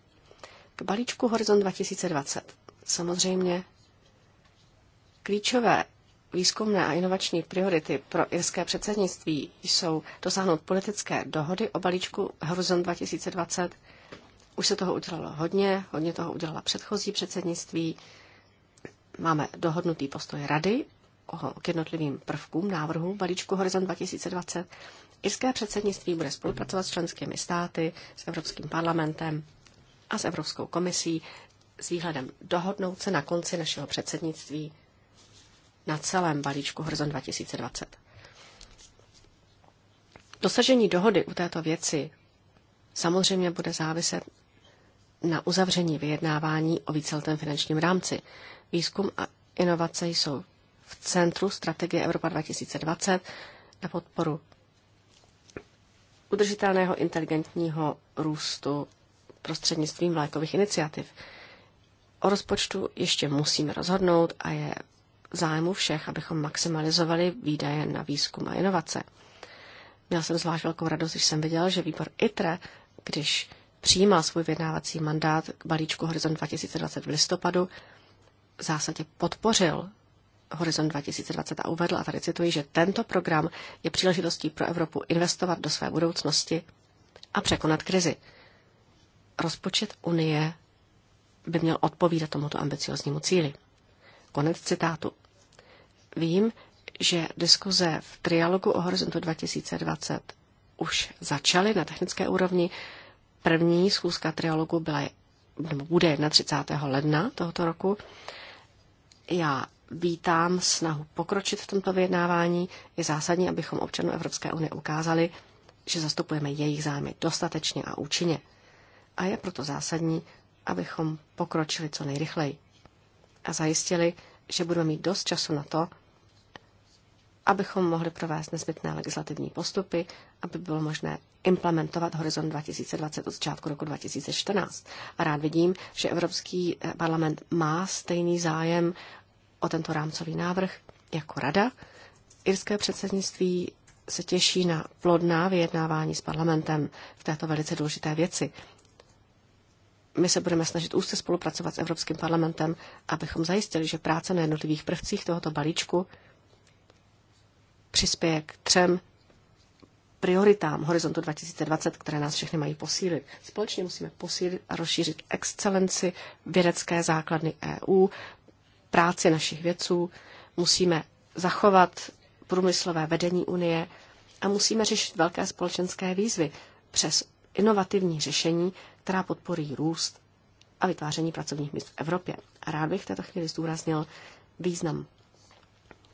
Speaker 5: K balíčku Horizon 2020 samozřejmě klíčové výzkumné a inovační priority pro irské předsednictví jsou dosáhnout politické dohody o balíčku Horizon 2020. Už se toho udělalo hodně, hodně toho udělala předchozí předsednictví. Máme dohodnutý postoj rady k jednotlivým prvkům návrhu balíčku Horizon 2020. Irské předsednictví bude spolupracovat s členskými státy, s Evropským parlamentem a s Evropskou komisí s výhledem dohodnout se na konci našeho předsednictví na celém balíčku Horizon 2020. Dosažení dohody u této věci samozřejmě bude záviset na uzavření vyjednávání o víceletém finančním rámci. Výzkum a inovace jsou v centru strategie Evropa 2020 na podporu udržitelného inteligentního růstu prostřednictvím vlajkových iniciativ. O rozpočtu ještě musíme rozhodnout a je zájmu všech, abychom maximalizovali výdaje na výzkum a inovace. Měl jsem zvlášť velkou radost, když jsem viděl, že výbor ITRE, když přijímal svůj vyjednávací mandát k balíčku Horizon 2020 v listopadu, v zásadě podpořil Horizon 2020 a uvedl, a tady cituji, že tento program je příležitostí pro Evropu investovat do své budoucnosti a překonat krizi. Rozpočet Unie by měl odpovídat tomuto ambicioznímu cíli. Konec citátu. Vím, že diskuze v trialogu o horizontu 2020 už začaly na technické úrovni. První schůzka trialogu byla, nebo bude 31. ledna tohoto roku. Já vítám snahu pokročit v tomto vyjednávání. Je zásadní, abychom občanům Evropské unie ukázali, že zastupujeme jejich zájmy dostatečně a účinně. A je proto zásadní, abychom pokročili co nejrychleji a zajistili, že budeme mít dost času na to, abychom mohli provést nezbytné legislativní postupy, aby bylo možné implementovat Horizont 2020 od začátku roku 2014. A rád vidím, že Evropský eh, parlament má stejný zájem o tento rámcový návrh jako rada. Irské předsednictví se těší na plodná vyjednávání s parlamentem v této velice důležité věci. My se budeme snažit úzce spolupracovat s Evropským parlamentem, abychom zajistili, že práce na jednotlivých prvcích tohoto balíčku přispěje k třem prioritám Horizontu 2020, které nás všechny mají posílit. Společně musíme posílit a rozšířit excelenci vědecké základny EU, práci našich vědců, musíme zachovat průmyslové vedení Unie a musíme řešit velké společenské výzvy přes inovativní řešení, která podporí růst a vytváření pracovních míst v Evropě. A rád bych v této chvíli zdůraznil význam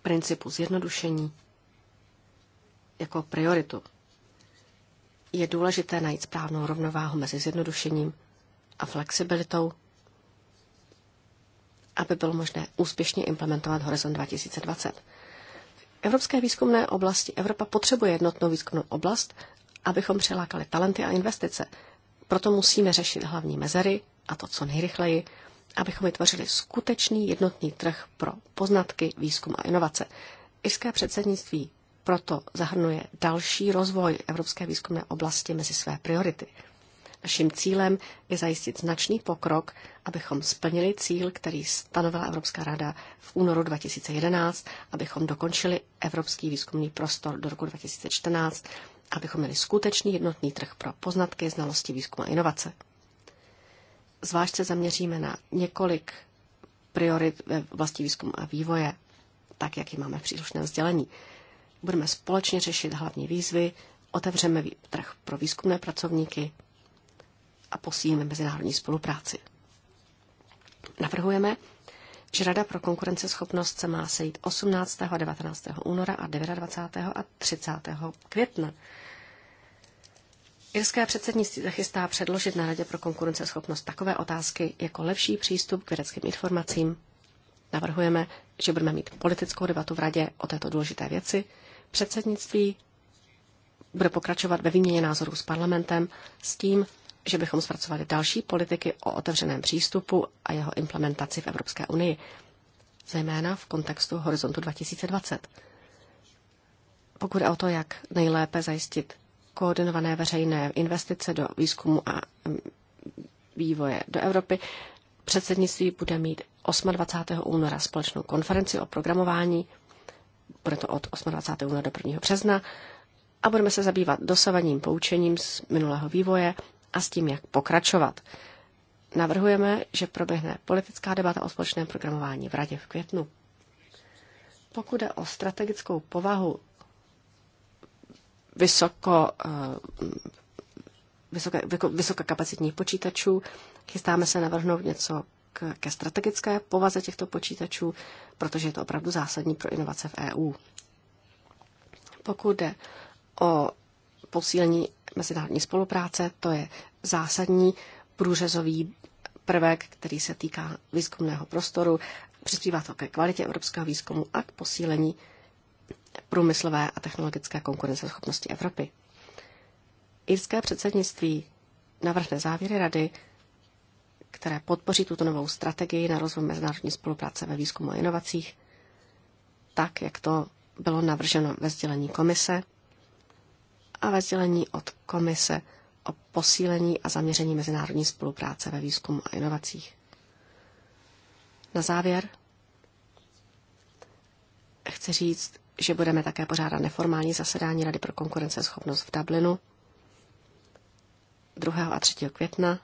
Speaker 5: principu zjednodušení jako prioritu. Je důležité najít správnou rovnováhu mezi zjednodušením a flexibilitou, aby bylo možné úspěšně implementovat Horizon 2020. V evropské výzkumné oblasti Evropa potřebuje jednotnou výzkumnou oblast, abychom přilákali talenty a investice – proto musíme řešit hlavní mezery a to co nejrychleji, abychom vytvořili skutečný jednotný trh pro poznatky, výzkum a inovace. Irské předsednictví proto zahrnuje další rozvoj evropské výzkumné oblasti mezi své priority. Naším cílem je zajistit značný pokrok, abychom splnili cíl, který stanovila Evropská rada v únoru 2011, abychom dokončili Evropský výzkumný prostor do roku 2014 abychom měli skutečný jednotný trh pro poznatky, znalosti, výzkum a inovace. Zvlášť se zaměříme na několik priorit ve oblasti výzkumu a vývoje, tak jak ji máme v příslušném vzdělení. Budeme společně řešit hlavní výzvy, otevřeme trh pro výzkumné pracovníky a posílíme mezinárodní spolupráci. Navrhujeme, že Rada pro konkurenceschopnost se má sejít 18. a 19. února a 29. a 30. května, Irské předsednictví zachystá předložit na Radě pro konkurenceschopnost takové otázky jako lepší přístup k vědeckým informacím. Navrhujeme, že budeme mít politickou debatu v Radě o této důležité věci. Předsednictví bude pokračovat ve výměně názorů s parlamentem s tím, že bychom zpracovali další politiky o otevřeném přístupu a jeho implementaci v Evropské unii, zejména v kontextu Horizontu 2020. Pokud je o to, jak nejlépe zajistit koordinované veřejné investice do výzkumu a mm, vývoje do Evropy. Předsednictví bude mít 28. února společnou konferenci o programování, bude to od 28. února do 1. března, a budeme se zabývat dosavaním poučením z minulého vývoje a s tím, jak pokračovat. Navrhujeme, že proběhne politická debata o společném programování v Radě v květnu. Pokud jde o strategickou povahu vysoko, eh, vysoké, vysokokapacitních počítačů. Chystáme se navrhnout něco k, ke strategické povaze těchto počítačů, protože je to opravdu zásadní pro inovace v EU. Pokud jde o posílení mezinárodní spolupráce, to je zásadní průřezový prvek, který se týká výzkumného prostoru. Přispívá to ke kvalitě evropského výzkumu a k posílení průmyslové a technologické konkurenceschopnosti Evropy. Irské předsednictví navrhne závěry rady, které podpoří tuto novou strategii na rozvoj mezinárodní spolupráce ve výzkumu a inovacích, tak, jak to bylo navrženo ve sdělení komise a ve sdělení od komise o posílení a zaměření mezinárodní spolupráce ve výzkumu a inovacích. Na závěr chci říct, že budeme také pořádat neformální zasedání Rady pro konkurenceschopnost v Dublinu 2. a 3. května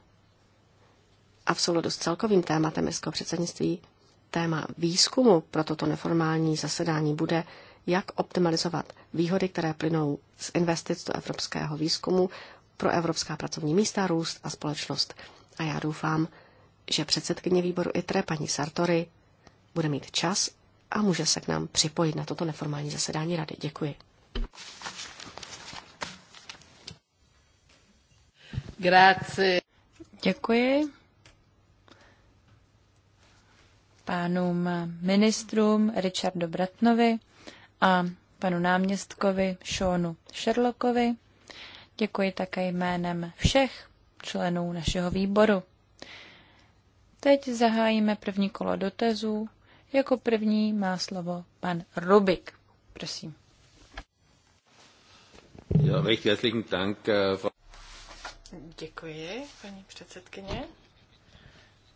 Speaker 5: a v souladu s celkovým tématem ESCO předsednictví téma výzkumu pro toto neformální zasedání bude, jak optimalizovat výhody, které plynou z investic do evropského výzkumu pro evropská pracovní místa, růst a společnost. A já doufám, že předsedkyně výboru ITRE, paní Sartory, bude mít čas a může se k nám připojit na toto neformální zasedání rady. Děkuji.
Speaker 4: Grazie.
Speaker 1: Děkuji pánům ministrům Richardu Bratnovi a panu náměstkovi Seanu Sherlockovi. Děkuji také jménem všech členů našeho výboru. Teď zahájíme první kolo dotazů jako první má slovo pan Rubik. Prosím.
Speaker 4: Ja, recht herzlichen Dank, eh, Frau
Speaker 5: Děkuji,
Speaker 3: paní předsedkyně.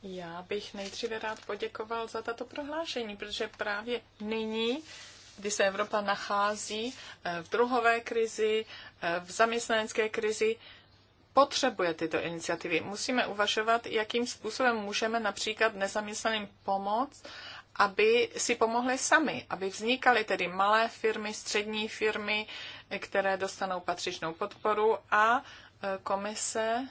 Speaker 3: Já bych nejdříve rád poděkoval za tato prohlášení, protože právě nyní, kdy se Evropa nachází eh, v druhové krizi, eh, v zaměstnanecké krizi, potřebuje tyto iniciativy. Musíme uvažovat, jakým způsobem můžeme například nezaměstnaným pomoct aby si pomohli sami, aby vznikaly tedy malé firmy, střední firmy, které dostanou patřičnou podporu a e, komise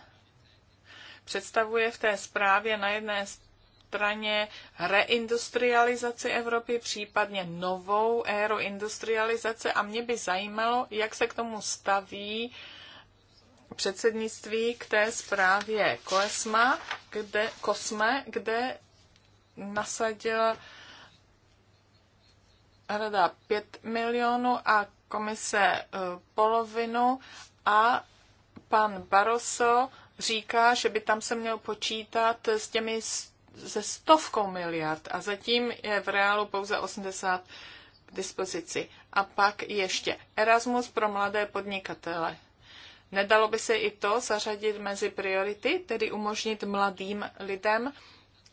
Speaker 3: představuje v té zprávě na jedné straně reindustrializaci Evropy, případně novou éru industrializace a mě by zajímalo, jak se k tomu staví předsednictví k té zprávě Koesma, kde, Kosme, kde nasadila rada 5 milionů a komise e, polovinu a pan Barroso říká, že by tam se měl počítat s těmi se stovkou miliard a zatím je v reálu pouze 80 k dispozici. A pak ještě Erasmus pro mladé podnikatele. Nedalo by se i to zařadit mezi priority, tedy umožnit mladým lidem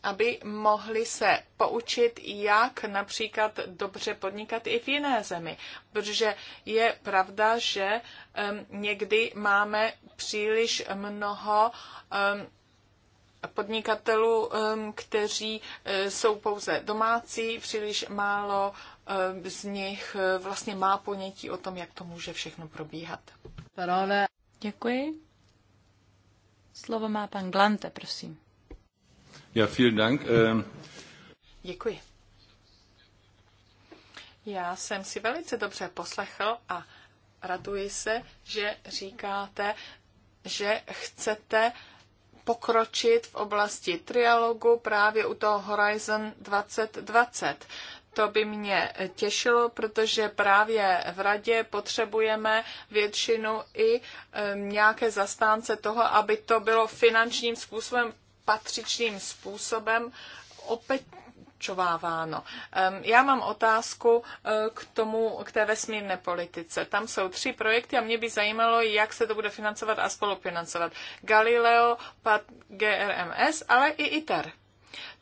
Speaker 3: aby mohli se poučit, jak například dobře podnikat i v jiné zemi. Protože je pravda, že um, někdy máme příliš mnoho um, podnikatelů, um, kteří uh, jsou pouze domácí, příliš málo z nich uh, vlastně má ponětí o tom, jak
Speaker 1: to může všechno probíhat. Děkuji. Slovo má pan Glante, prosím.
Speaker 4: Ja, vielen Dank. Ähm,
Speaker 1: Děkuji.
Speaker 3: Já jsem si velice dobře poslechl a raduji se, že říkáte, že chcete pokročit v oblasti trialogu právě u toho Horizon 2020. To by mě těšilo, protože právě v radě potřebujeme většinu i nějaké zastánce toho, aby to bylo finančním způsobem patřičným způsobem opečováváno. Já mám otázku eh, k tomu, k té vesmírné politice. Tam jsou tři projekty a mě by zajímalo, jak se to bude financovat a spolufinancovat. Galileo, PAT, GRMS, ale i ITER.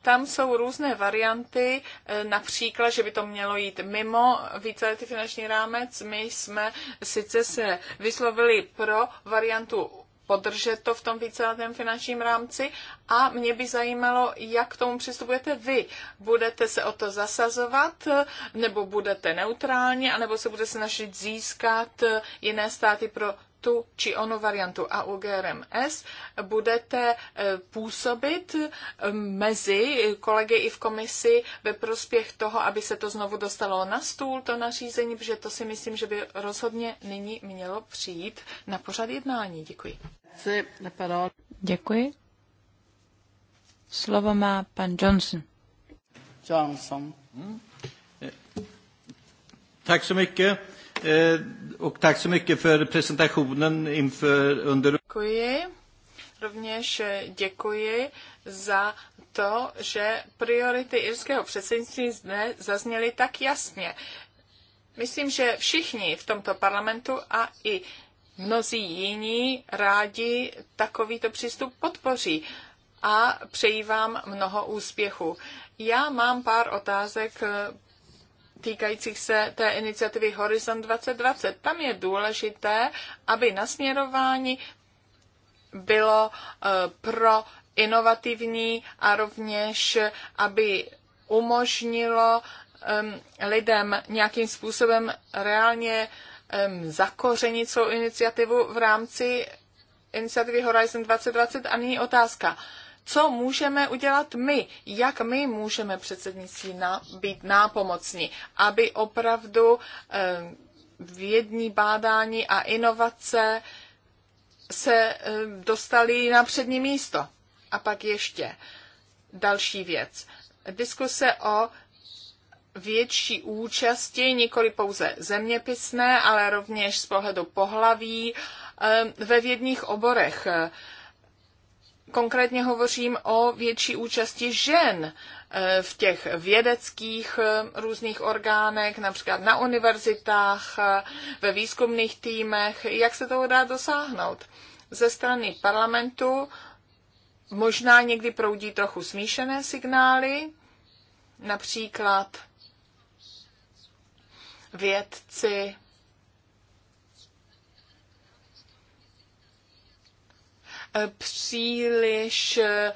Speaker 3: Tam jsou různé varianty, eh, například, že by to mělo jít mimo víceletý finanční rámec. My jsme sice se vyslovili pro variantu podržet to v tom víceletém finančním rámci a mě by zajímalo, jak k tomu přistupujete vy. Budete se o to zasazovat, nebo budete neutrální, anebo se bude snažit získat jiné státy pro tu či onu variantu a u GRMS budete eh, působit eh, mezi kolegy i v komisi ve prospěch toho, aby se to znovu dostalo na stůl, to nařízení, protože to si myslím, že by rozhodně nyní mělo přijít na pořad jednání. Děkuji.
Speaker 1: Děkuji. Slovo má pan Johnson.
Speaker 2: Johnson. Hmm? Eh, tak se mycket. Eh, och tack så mycket för presentationen inför under...
Speaker 3: Děkuji. Rovněž eh, děkuji za to, že priority irského předsednictví dne zazněly tak jasně. Myslím, že všichni v tomto parlamentu a i mnozí jiní rádi takovýto přístup podpoří a přeji vám mnoho úspěchu. Já mám pár otázek eh, týkajících se té iniciativy Horizon 2020. Tam je důležité, aby nasměrování bylo e, pro inovativní a rovněž, aby umožnilo lidem nějakým způsobem reálně zakořenit svou iniciativu v rámci iniciativy Horizon 2020. A nyní otázka co můžeme udělat my, jak my můžeme předsednictví na, být nápomocní, aby opravdu eh, vědní bádání a inovace se eh, dostaly na přední místo. A pak ještě další věc. Diskuse o větší účasti, nikoli pouze zeměpisné, ale rovněž z pohledu pohlaví eh, ve vědních oborech. Konkrétně hovořím o větší účasti žen eh, v těch vědeckých eh, různých orgánech, například na univerzitách, eh, ve výzkumných týmech. Jak se toho dá dosáhnout? Ze strany parlamentu možná někdy proudí trochu smíšené signály, například vědci Eh, příliš eh,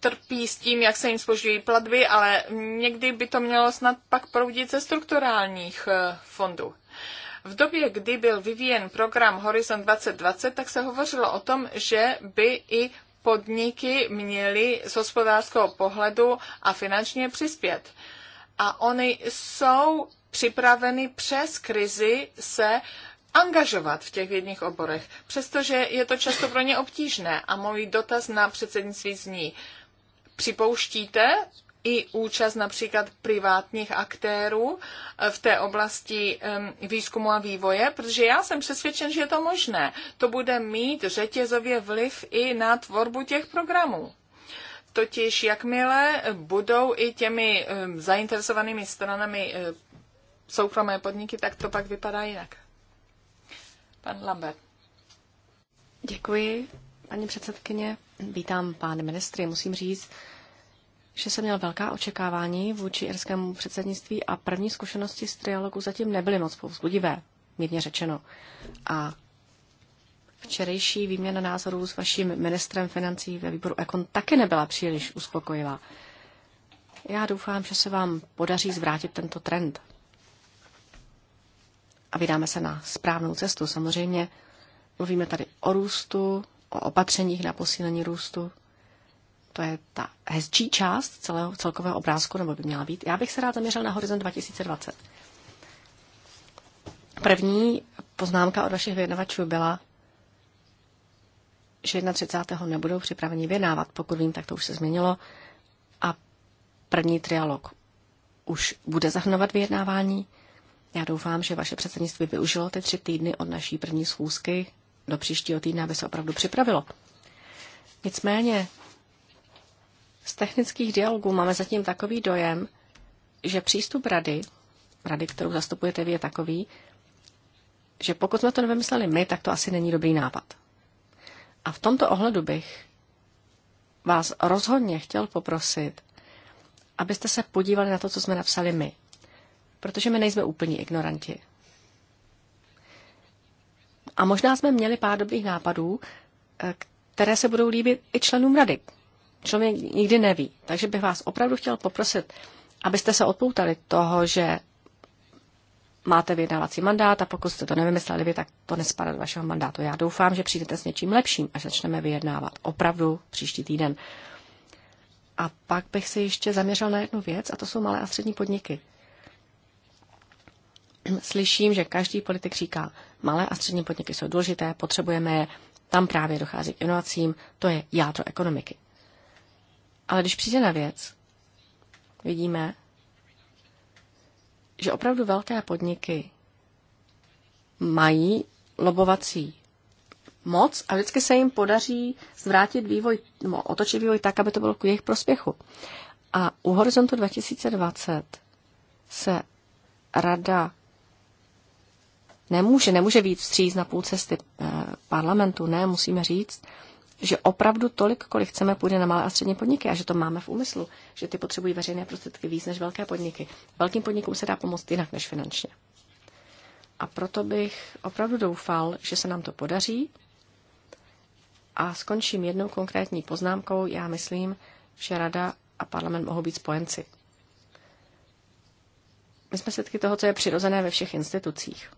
Speaker 3: trpí s tím, jak se jim spožují platby, ale někdy by to mělo snad pak proudit ze strukturálních eh, fondů. V době, kdy byl vyvíjen program Horizon 2020, tak se hovořilo o tom, že by i podniky měly z hospodářského pohledu a finančně přispět. A oni jsou připraveny přes krizi se angažovat v těch vědních oborech, přestože je to často pro ně obtížné. A můj dotaz na předsednictví zní, připouštíte i účast například privátních aktérů eh, v té oblasti výzkumu a vývoje, protože já jsem přesvědčen, že je to možné. To bude mít řetězově vliv i na tvorbu těch programů. Totiž jakmile budou i těmi zainteresovanými stranami eh, soukromé podniky, tak to pak vypadá jinak. Pan Lambert.
Speaker 5: Děkuji, paní předsedkyně. Vítám pány ministry. Musím říct, že jsem měl velká očekávání vůči irskému předsednictví a první zkušenosti z trialogu zatím nebyly moc povzbudivé, mírně řečeno. A včerejší výměna názorů s vaším ministrem financí ve výboru Ekon taky nebyla příliš uspokojivá. Já doufám, že se vám podaří zvrátit tento trend a vydáme se na správnou cestu. Samozřejmě mluvíme tady o růstu, o opatřeních na posílení růstu. To je ta hezčí část celého, celkového obrázku, nebo by měla být. Já bych se rád zaměřil na horizont 2020. První poznámka od vašich vyjednavačů byla, že 31. nebudou připraveni vyjednávat. Pokud vím, tak to už se změnilo. A první trialog už bude zahrnovat vyjednávání. Já doufám, že vaše předsednictví využilo ty tři týdny od naší první schůzky do příštího týdne, aby se opravdu připravilo. Nicméně z technických dialogů máme zatím takový dojem, že přístup rady, rady, kterou zastupujete vy, je takový, že pokud jsme to nevymysleli my, tak to asi není dobrý nápad. A v tomto ohledu bych vás rozhodně chtěl poprosit, abyste se podívali na to, co jsme napsali my protože my nejsme úplní ignoranti. A možná jsme měli pár dobrých nápadů, eh, které se budou líbit i členům rady. Člověk nikdy neví. Takže bych vás opravdu chtěl poprosit, abyste se odpoutali toho, že máte vyjednávací mandát a pokud jste to nevymysleli vy, tak to nespadá do vašeho mandátu. Já doufám, že přijdete s něčím lepším, a začneme vyjednávat opravdu příští týden. A pak bych se ještě zaměřil na jednu věc, a to jsou malé a střední podniky slyším, že každý politik říká, malé a střední podniky jsou důležité, potřebujeme je, tam právě dochází k inovacím, to je jádro ekonomiky. Ale když přijde na věc, vidíme, že opravdu velké podniky mají lobovací moc a vždycky se jim podaří zvrátit vývoj, no, otočit vývoj tak, aby to bylo k jejich prospěchu. A u Horizontu 2020 se rada nemůže, nemůže být vstříc na půl cesty eh, parlamentu. Ne, musíme říct, že opravdu tolik, kolik chceme, půjde na malé a střední podniky a že to máme v úmyslu, že ty potřebují veřejné prostředky víc než velké podniky. Velkým podnikům se dá pomoct jinak než finančně. A proto bych opravdu doufal, že se nám to podaří. A skončím jednou konkrétní poznámkou. Já myslím, že rada a parlament mohou být spojenci. My jsme svědky toho, co je přirozené ve všech institucích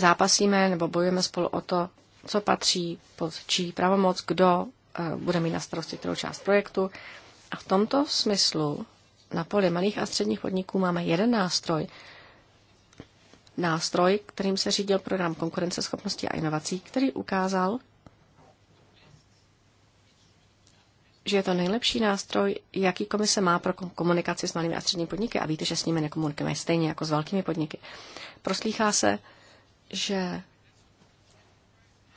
Speaker 5: zápasíme nebo bojujeme spolu o to, co patří pod čí pravomoc, kdo eh, bude mít na starosti kterou část projektu. A v tomto smyslu na poli malých a středních podniků máme jeden nástroj, nástroj, kterým se řídil program konkurenceschopnosti a inovací, který ukázal, že je to nejlepší nástroj, jaký komise má pro komunikaci s malými a středními podniky a víte, že s nimi nekomunikujeme stejně jako s velkými podniky. Proslýchá se, že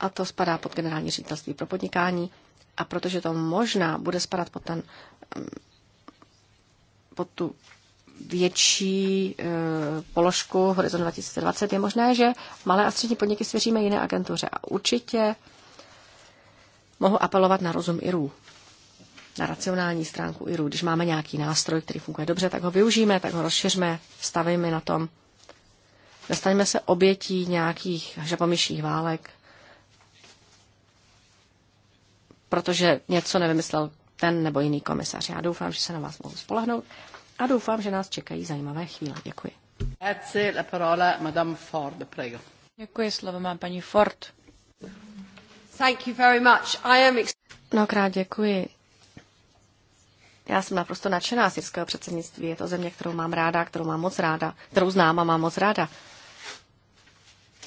Speaker 5: a to spadá pod generální ředitelství pro podnikání a protože to možná bude spadat pod ten pod tu větší e, položku Horizon 2020, je možné, že malé a střední podniky svěříme jiné agentuře a určitě mohu apelovat na rozum IRů, na racionální stránku IRů. Když máme nějaký nástroj, který funguje dobře, tak ho využijeme, tak ho rozšiřme, stavejme na tom Nestaňme se obětí nějakých žabomyších válek, protože něco nevymyslel ten nebo jiný komisař. Já doufám, že se na vás mohu spolehnout a doufám, že nás čekají zajímavé chvíle. Děkuji.
Speaker 1: Děkuji, slovo má paní Ford. Thank you very much. I am...
Speaker 5: Mnohokrát děkuji. Já jsem naprosto nadšená jirského předsednictví. Je to země, kterou mám ráda, kterou mám moc ráda, kterou znám a mám moc ráda.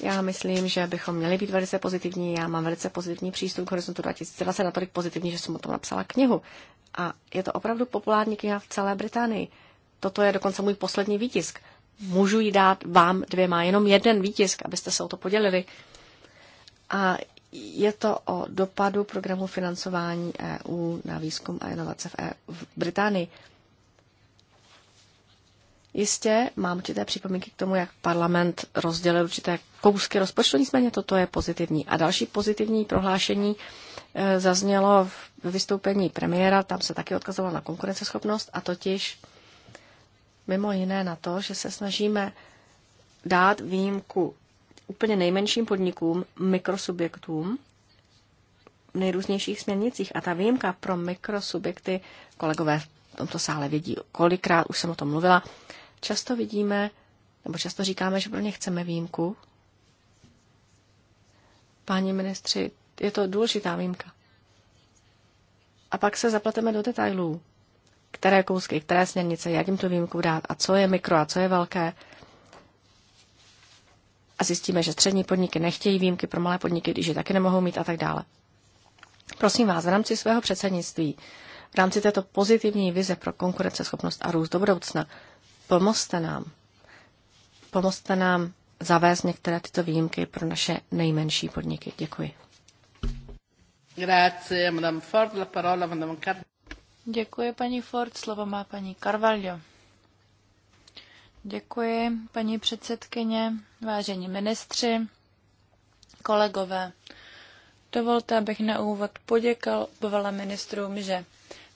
Speaker 5: Já myslím, že bychom měli být velice pozitivní. Já mám velice pozitivní přístup k Horizontu 2020, natolik pozitivní, že jsem o tom napsala knihu. A je to opravdu populární kniha v celé Británii. Toto je dokonce můj poslední výtisk. Můžu ji dát vám dvěma, jenom jeden výtisk, abyste se o to podělili. A je to o dopadu programu financování EU na výzkum a inovace v, EU, v Británii. Jistě mám určité připomínky k tomu, jak parlament rozdělil určité kousky rozpočtu, nicméně toto je pozitivní. A další pozitivní prohlášení eh, zaznělo v vystoupení premiéra, tam se taky odkazovalo na konkurenceschopnost a totiž mimo jiné na to, že se snažíme dát výjimku úplně nejmenším podnikům, mikrosubjektům v nejrůznějších směrnicích. A ta výjimka pro mikrosubjekty, kolegové v tomto sále vědí, kolikrát už jsem o tom mluvila, Často vidíme, nebo často říkáme, že pro ně chceme výjimku. Páni ministři, je to důležitá výjimka. A pak se zapleteme do detailů. Které kousky, které směrnice, jak jim tu výjimku dát a co je mikro a co je velké. A zjistíme, že střední podniky nechtějí výjimky pro malé podniky, když je taky nemohou mít a tak dále. Prosím vás, v rámci svého předsednictví, v rámci této pozitivní vize pro konkurenceschopnost a růst do budoucna, Pomozte nám. Pomozte nám zavést některé tyto výjimky pro naše nejmenší podniky. Děkuji.
Speaker 1: Děkuji, paní Ford. Slovo má paní Carvalho. Děkuji, paní předsedkyně, vážení ministři, kolegové. Dovolte, abych na úvod poděkovala ministrům, že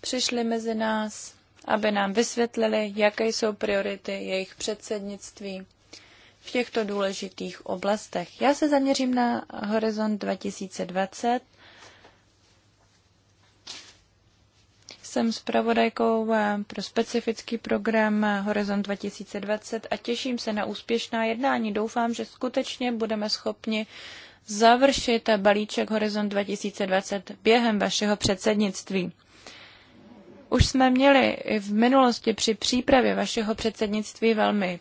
Speaker 1: přišli mezi nás aby nám vysvětlili, jaké jsou priority jejich předsednictví v těchto důležitých oblastech. Já se zaměřím na horizont 2020. Jsem zpravodajkou eh, pro specifický program eh, Horizont 2020 a těším se na úspěšná jednání. Doufám, že skutečně budeme schopni završit balíček Horizont 2020 během vašeho předsednictví. Už jsme měli i v minulosti při přípravě vašeho předsednictví velmi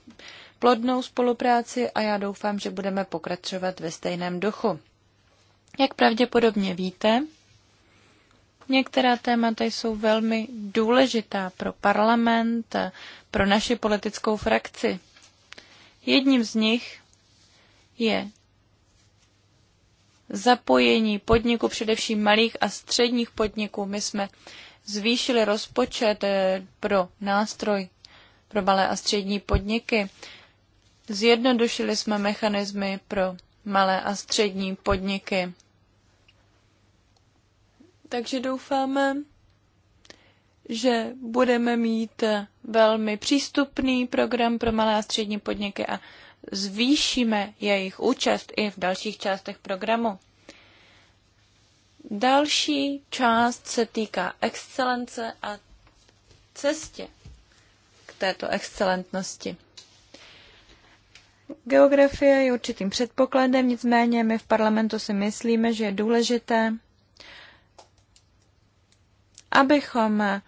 Speaker 1: plodnou spolupráci a já doufám, že budeme pokračovat ve stejném duchu. Jak pravděpodobně víte, některá témata jsou velmi důležitá pro parlament, pro naši politickou frakci. Jedním z nich je zapojení podniků, především malých a středních podniků. My jsme zvýšili rozpočet eh, pro nástroj pro malé a střední podniky. Zjednodušili jsme mechanismy pro malé a střední podniky. Takže doufáme, že budeme mít eh, velmi přístupný program pro malé a střední podniky a zvýšíme jejich účast i v dalších částech programu. Další část se týká excelence a cestě k této excelentnosti. Geografie je určitým předpokladem, nicméně my v parlamentu si myslíme, že je důležité, abychom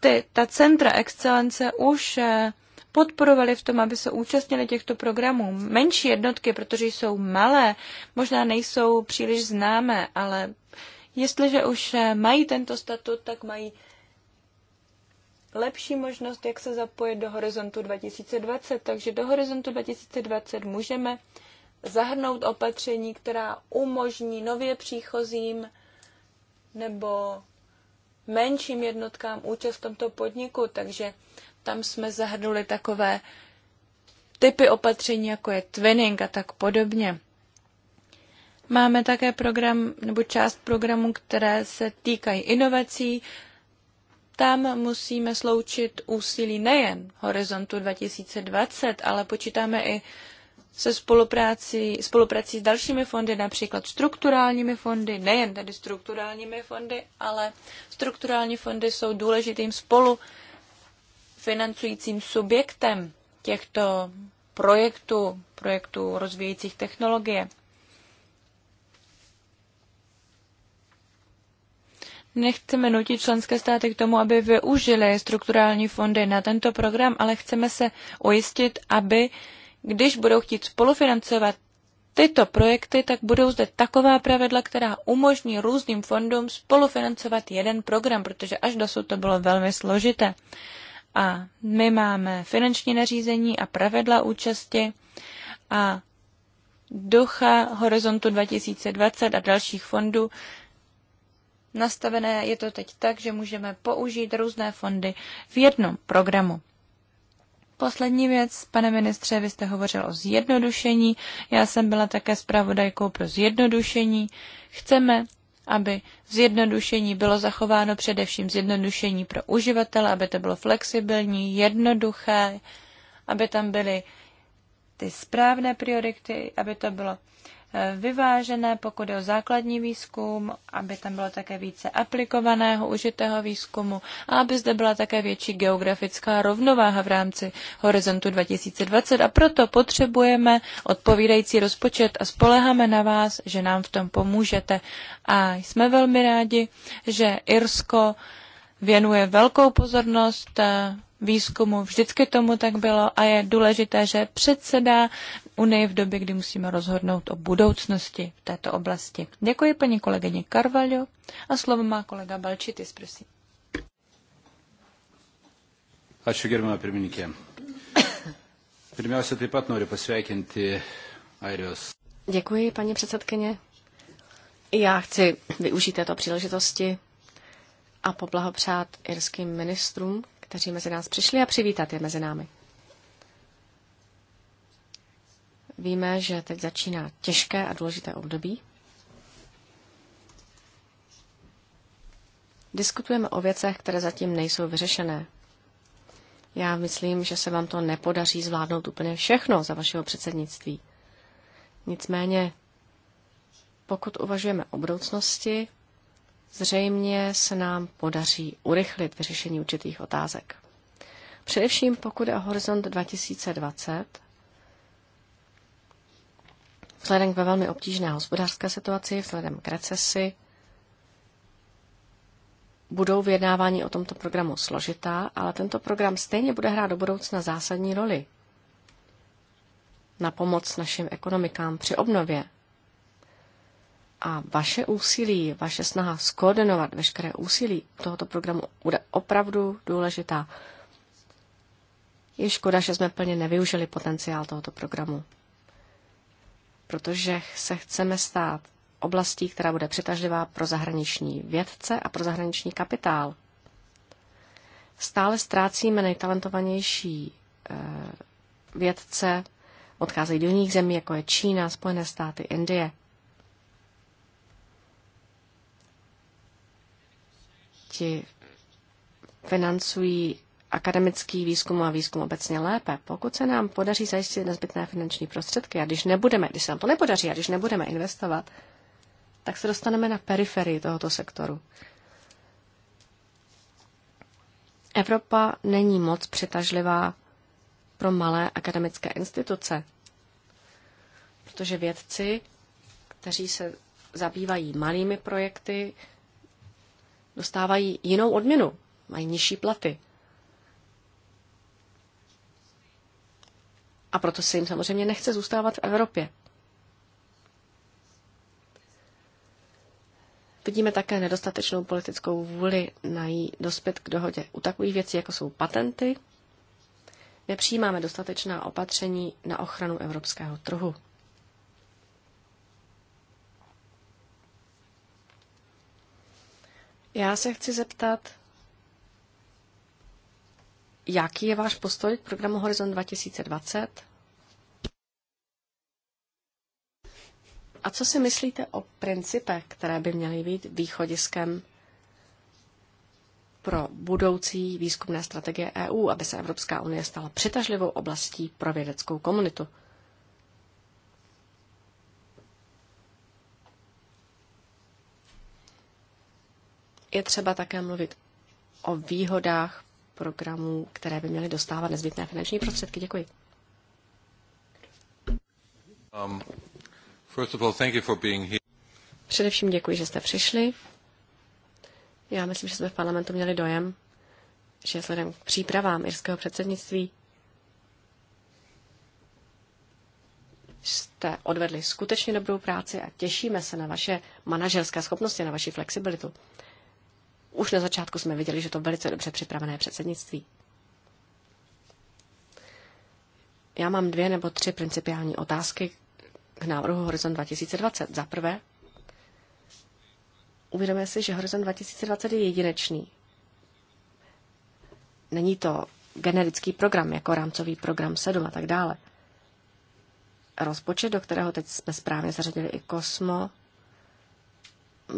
Speaker 1: ty, ta centra excelence už eh, podporovali v tom, aby se účastnili těchto programů. Menší jednotky, protože jsou malé, možná nejsou příliš známé, ale jestliže už eh, mají tento statut, tak mají lepší možnost, jak se zapojit do horizontu 2020. Takže do horizontu 2020 můžeme zahrnout opatření, která umožní nově příchozím nebo menším jednotkám účast v tomto podniku. Takže tam jsme zahrnuli takové typy opatření, jako je twinning a tak podobně. Máme také program nebo část programu, které se týkají inovací. Tam musíme sloučit úsilí nejen Horizontu 2020, ale počítáme i se spolupráci, spoluprací s dalšími fondy, například strukturálními fondy, nejen tedy strukturálními fondy, ale strukturální fondy jsou důležitým spolu financujícím subjektem těchto projektů, projektů rozvíjejících technologie. Nechceme nutit členské státy k tomu, aby využili strukturální fondy na tento program, ale chceme se ujistit, aby když budou chtít spolufinancovat tyto projekty, tak budou zde taková pravidla, která umožní různým fondům spolufinancovat jeden program, protože až dosud to bylo velmi složité. A my máme finanční nařízení a pravidla účasti a ducha Horizontu 2020 a dalších fondů. Nastavené je to teď tak, že můžeme použít různé fondy v jednom programu. Poslední věc, pane ministře, vy jste hovořil o zjednodušení. Já jsem byla také zpravodajkou pro zjednodušení. Chceme aby zjednodušení bylo zachováno především zjednodušení pro uživatele, aby to bylo flexibilní, jednoduché, aby tam byly ty správné priority, aby to bylo vyvážené, pokud je o základní výzkum, aby tam bylo také více aplikovaného, užitého výzkumu a aby zde byla také větší geografická rovnováha v rámci horizontu 2020. A proto potřebujeme odpovídající rozpočet a spoleháme na vás, že nám v tom pomůžete. A jsme velmi rádi, že Irsko věnuje velkou pozornost výzkumu. Vždycky tomu tak bylo a je důležité, že předsedá Unii v době, kdy musíme rozhodnout o budoucnosti v této oblasti. Děkuji paní kolegyně Carvalho a slovo má kolega Balčitis, prosím.
Speaker 2: Ačiū gerbiamą pirmininkė. Pirmiausia, taip pat noriu pasveikinti Airijos.
Speaker 5: Děkuji, paní předsedkyně. Já chci využít této příležitosti a poblahopřát irským ministrům kteří mezi nás přišli a přivítat je mezi námi. Víme, že teď začíná těžké a důležité období. Diskutujeme o věcech, které zatím nejsou vyřešené. Já myslím, že se vám to nepodaří zvládnout úplně všechno za vašeho předsednictví. Nicméně, pokud uvažujeme o budoucnosti, zřejmě se nám podaří urychlit vyřešení určitých otázek. Především pokud je o horizont 2020, vzhledem k ve velmi obtížné hospodářské situaci, vzhledem k recesi, budou vyjednávání o tomto programu složitá, ale tento program stejně bude hrát do budoucna zásadní roli na pomoc našim ekonomikám při obnově a vaše úsilí, vaše snaha skoordinovat veškeré úsilí tohoto programu bude opravdu důležitá. Je škoda, že jsme plně nevyužili potenciál tohoto programu, protože se chceme stát oblastí, která bude přitažlivá pro zahraniční vědce a pro zahraniční kapitál. Stále ztrácíme nejtalentovanější eh, vědce, odcházejí do jiných zemí, jako je Čína, Spojené státy, Indie. oblasti financují akademický výzkum a výzkum obecně lépe, pokud se nám podaří zajistit nezbytné finanční prostředky a když nebudeme, když se nám to nepodaří a když nebudeme investovat, tak se dostaneme na periferii tohoto sektoru. Evropa není moc přitažlivá pro malé akademické instituce, protože vědci, kteří se zabývají malými projekty, dostávají jinou odměnu, mají nižší platy. A proto se jim samozřejmě nechce zůstávat v Evropě. Vidíme také nedostatečnou politickou vůli na jí dospět k dohodě. U takových věcí, jako jsou patenty, nepřijímáme dostatečná opatření na ochranu evropského trhu. Já se chci zeptat, jaký je váš postoj k programu Horizon 2020? A co si myslíte o principech, které by měly být východiskem pro budoucí výzkumné strategie EU, aby se Evropská unie stala přitažlivou oblastí pro vědeckou komunitu? Je třeba také mluvit o výhodách programů, které by měly dostávat nezbytné finanční prostředky. Děkuji.
Speaker 4: Um, first of all, thank you for being here.
Speaker 5: Především děkuji, že jste přišli. Já myslím, že jsme v parlamentu měli dojem, že vzhledem k přípravám irského předsednictví jste odvedli skutečně dobrou práci a těšíme se na vaše manažerské schopnosti, na vaši flexibilitu. Už na začátku jsme viděli, že to velice dobře připravené předsednictví. Já mám dvě nebo tři principiální otázky k návrhu Horizon 2020. Za prvé, uvědomuje si, že Horizon 2020 je jedinečný. Není to generický program, jako rámcový program 7 a tak dále. Rozpočet, do kterého teď jsme správně zařadili i Kosmo,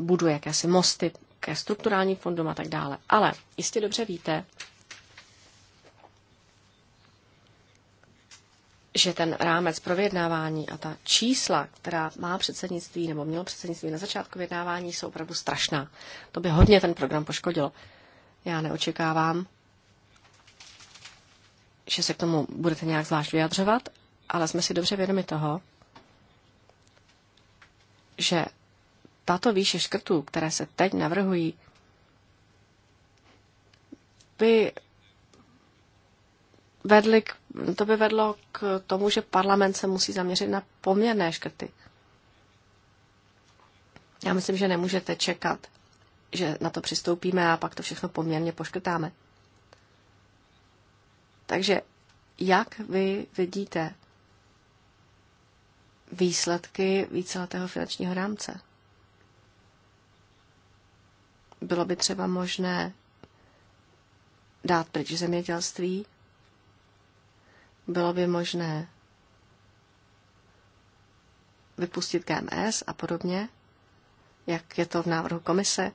Speaker 5: buduje jakési mosty ke strukturálním fondům a tak dále. Ale jistě dobře víte, že ten rámec pro vyjednávání a ta čísla, která má předsednictví nebo mělo předsednictví na začátku vyjednávání, jsou opravdu strašná. To by hodně ten program poškodilo. Já neočekávám, že se k tomu budete nějak zvlášť vyjadřovat, ale jsme si dobře vědomi toho, že tato výše škrtů, které se teď navrhují, by vedly k, to by vedlo k tomu, že parlament se musí zaměřit na poměrné škrty. Já myslím, že nemůžete čekat, že na to přistoupíme a pak to všechno poměrně poškrtáme. Takže jak vy vidíte výsledky víceletého finančního rámce? bylo by třeba možné dát pryč zemědělství, bylo by možné vypustit GMS a podobně, jak je to v návrhu komise.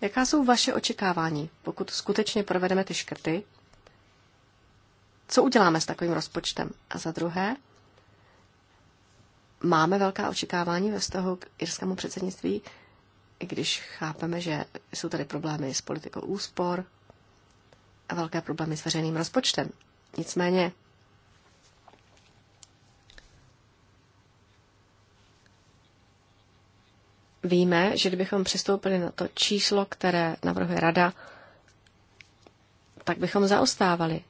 Speaker 5: Jaká jsou vaše očekávání, pokud skutečně provedeme ty škrty? Co uděláme s takovým rozpočtem? A za druhé, máme velká očekávání ve vztahu k irskému předsednictví, i když chápeme, že jsou tady problémy s politikou úspor a velké problémy s veřejným rozpočtem. Nicméně víme, že kdybychom přistoupili na to číslo, které navrhuje rada, tak bychom zaostávali.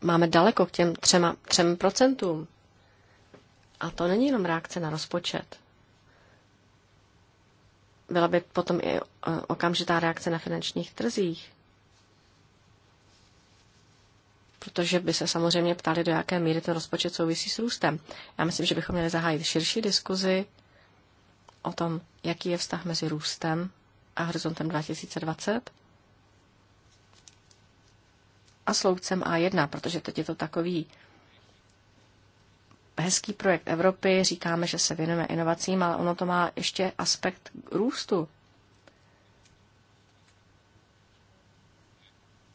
Speaker 5: Máme daleko k těm třema, třem procentům. A to není jenom reakce na rozpočet byla by potom i e, okamžitá reakce na finančních trzích. Protože by se samozřejmě ptali, do jaké míry ten rozpočet souvisí s růstem. Já myslím, že bychom měli zahájit širší diskuzi o tom, jaký je vztah mezi růstem a horizontem 2020 a sloupcem A1, protože teď je to takový hezký projekt Evropy, říkáme, že se věnujeme inovacím, ale ono to má ještě aspekt růstu.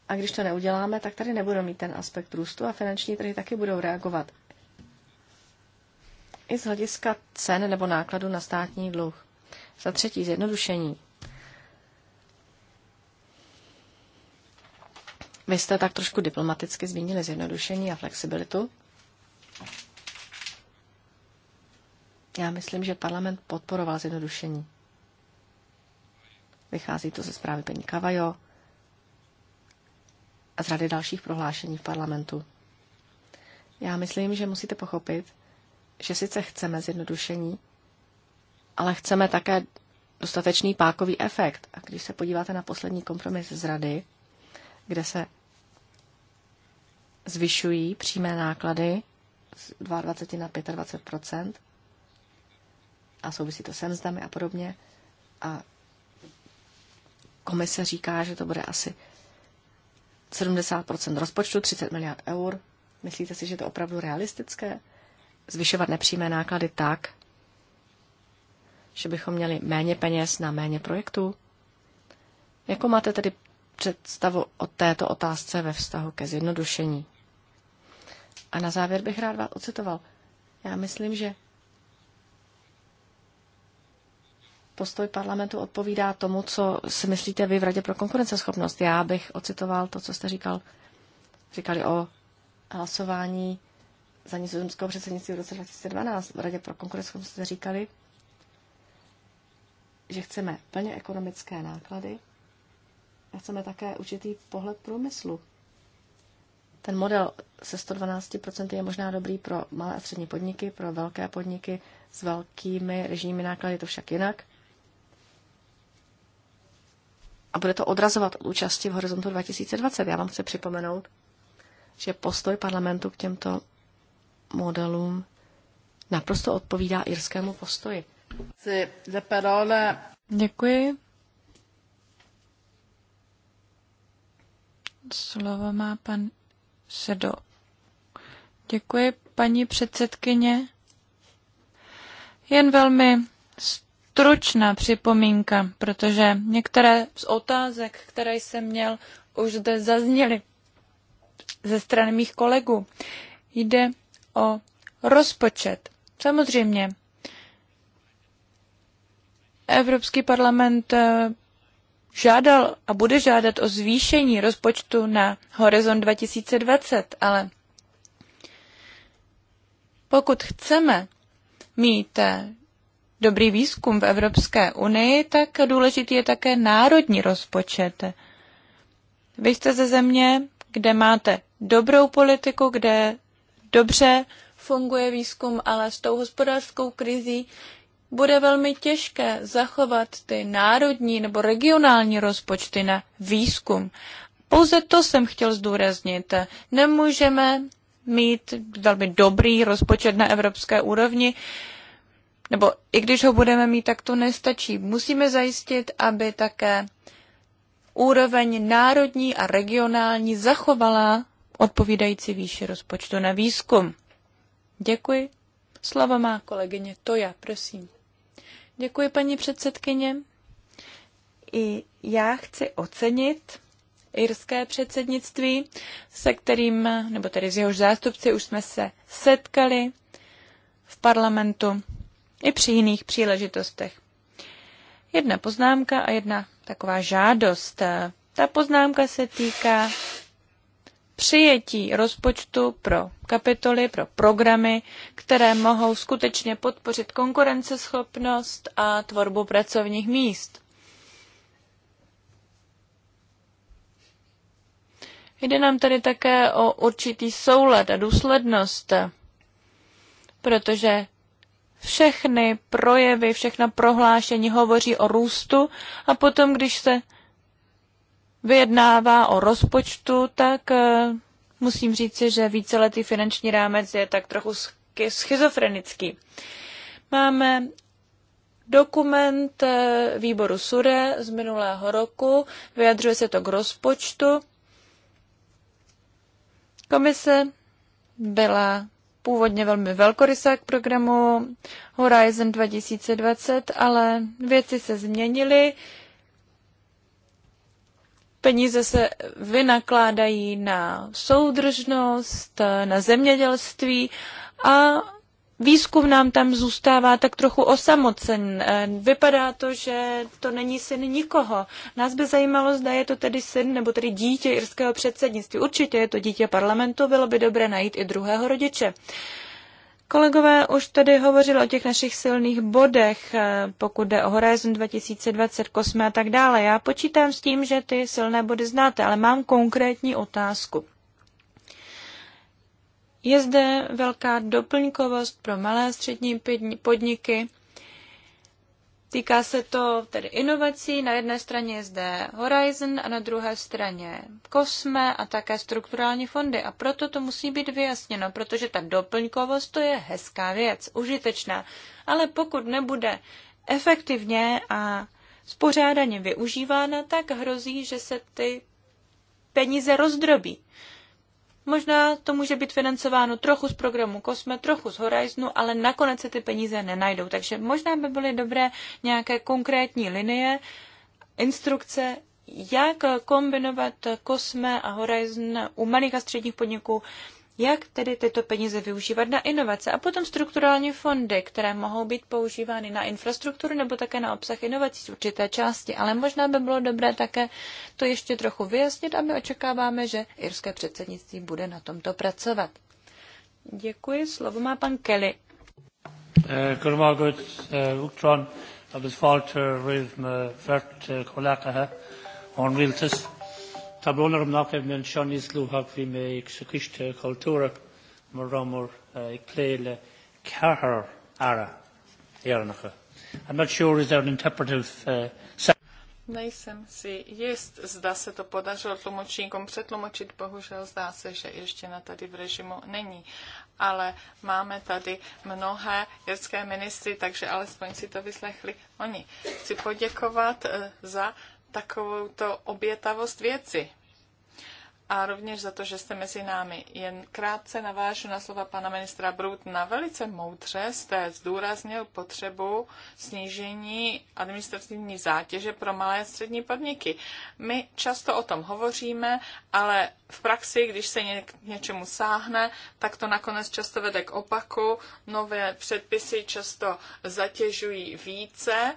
Speaker 5: A když to neuděláme, tak tady nebudou mít ten aspekt růstu a finanční trhy taky budou reagovat. I z hlediska cen nebo nákladu na státní dluh. Za třetí, zjednodušení. Vy jste tak trošku diplomaticky zmínili zjednodušení a flexibilitu. Já myslím, že parlament podporoval zjednodušení. Vychází to ze zprávy paní Kavajo a z rady dalších prohlášení v parlamentu. Já myslím, že musíte pochopit, že sice chceme zjednodušení, ale chceme také dostatečný pákový efekt. A když se podíváte na poslední kompromis z rady, kde se zvyšují přímé náklady z 22 na 25 a souvisí to se mzdami a podobně. A komise říká, že to bude asi 70% rozpočtu, 30 miliard eur. Myslíte si, že je to opravdu realistické? Zvyšovat nepřímé náklady tak, že bychom měli méně peněz na méně projektů? Jakou máte tedy představu o této otázce ve vztahu ke zjednodušení? A na závěr bych rád vás ocitoval. Já myslím, že postoj parlamentu odpovídá tomu, co si myslíte vy v Radě pro konkurenceschopnost. Já bych ocitoval to, co jste říkal, říkali o hlasování za nizozemského předsednictví v roce 2012. V Radě pro konkurenceschopnost jste říkali, že chceme plně ekonomické náklady a chceme také určitý pohled průmyslu. Ten model se 112% je možná dobrý pro malé a střední podniky, pro velké podniky s velkými režijními náklady to však jinak a bude to odrazovat od účasti v Horizontu 2020. Já vám chci připomenout, že postoj parlamentu k těmto modelům naprosto odpovídá irskému postoji.
Speaker 1: Děkuji. Slovo má pan Sedo. Děkuji, paní předsedkyně. Jen velmi stručná připomínka, protože některé z otázek, které jsem měl, už zde zazněly ze strany mých kolegů. Jde o rozpočet. Samozřejmě, Evropský parlament eh, žádal a bude žádat o zvýšení rozpočtu na horizont 2020, ale pokud chceme mít eh, dobrý výzkum v Evropské unii, tak důležitý je také národní rozpočet. Vy jste ze země, kde máte dobrou politiku, kde dobře funguje výzkum, ale s tou hospodářskou krizí bude velmi těžké zachovat ty národní nebo regionální rozpočty na výzkum. Pouze to jsem chtěl zdůraznit. Nemůžeme mít velmi dobrý rozpočet na evropské úrovni, nebo i když ho budeme mít, tak to nestačí. Musíme zajistit, aby také úroveň národní a regionální zachovala odpovídající výši rozpočtu na výzkum. Děkuji. Slovo má kolegyně Toja, prosím. Děkuji, paní předsedkyně. I já chci ocenit irské předsednictví, se kterým, nebo tedy z jehož zástupci, už jsme se setkali v parlamentu i při jiných příležitostech. Jedna poznámka a jedna taková žádost. Ta poznámka se týká přijetí rozpočtu pro kapitoly, pro programy, které mohou skutečně podpořit konkurenceschopnost a tvorbu pracovních míst. Jde nám tady také o určitý soulad a důslednost, protože všechny projevy, všechna prohlášení hovoří o růstu a potom, když se vyjednává o rozpočtu, tak eh, musím říci, že víceletý finanční rámec je tak trochu schizofrenický. Máme dokument eh, výboru SURE z minulého roku, vyjadřuje se to k rozpočtu. Komise byla původně velmi velkorysá k programu Horizon 2020, ale věci se změnily. Peníze se vynakládají na soudržnost, na zemědělství a Výzkum nám tam zůstává tak trochu osamocen. Eh, vypadá to, že to není syn nikoho. Nás by zajímalo, zda je to tedy syn nebo tedy dítě irského předsednictví. Určitě je to dítě parlamentu, bylo by dobré najít i druhého rodiče. Kolegové už tady hovořili o těch našich silných bodech, eh, pokud jde o Horizon 2020, kosme a tak dále. Já počítám s tím, že ty silné body znáte, ale mám konkrétní otázku. Je zde velká doplňkovost pro malé a střední podniky. Týká se to tedy inovací. Na jedné straně je zde Horizon a na druhé straně Kosme a také strukturální fondy. A proto to musí být vyjasněno, protože ta doplňkovost to je hezká věc, užitečná. Ale pokud nebude efektivně a spořádaně využívána, tak hrozí, že se ty peníze rozdrobí. Možná to může být financováno trochu z programu Kosme, trochu z Horizonu, ale nakonec se ty peníze nenajdou. Takže možná by byly dobré nějaké konkrétní linie, instrukce, jak kombinovat Kosme a Horizon u malých a středních podniků, jak tedy tyto peníze využívat na inovace a potom strukturální fondy, které mohou být používány na infrastrukturu nebo také na obsah inovací z určité části. Ale možná by bylo dobré také to ještě trochu vyjasnit a my očekáváme, že irské předsednictví bude na tomto pracovat. Děkuji. Slovo má pan Kelly.
Speaker 4: Uh, Tá bunar nach ibh mén seán íslúthach bhí mé ag suciiste cultúraach mar ramar
Speaker 1: ag pléile cethar ara éarnacha. I'm not sure is there an interpretive uh,
Speaker 3: Nejsem si jist, zda se to podařilo tlumočníkom přetlumočit, bohužel zdá se, že ještě na tady v režimu není. Ale máme tady mnohé jirské ministry, takže alespoň si to vyslechli oni. Chci poděkovat eh, za takovou to obětavost věci. A rovněž za to, že jste mezi námi. Jen krátce navážu na slova pana ministra na Velice moudře jste zdůraznil potřebu snížení administrativní zátěže pro malé a střední podniky. My často o tom hovoříme, ale v praxi, když se něk- něčemu sáhne, tak to nakonec často vede k opaku. Nové předpisy často zatěžují více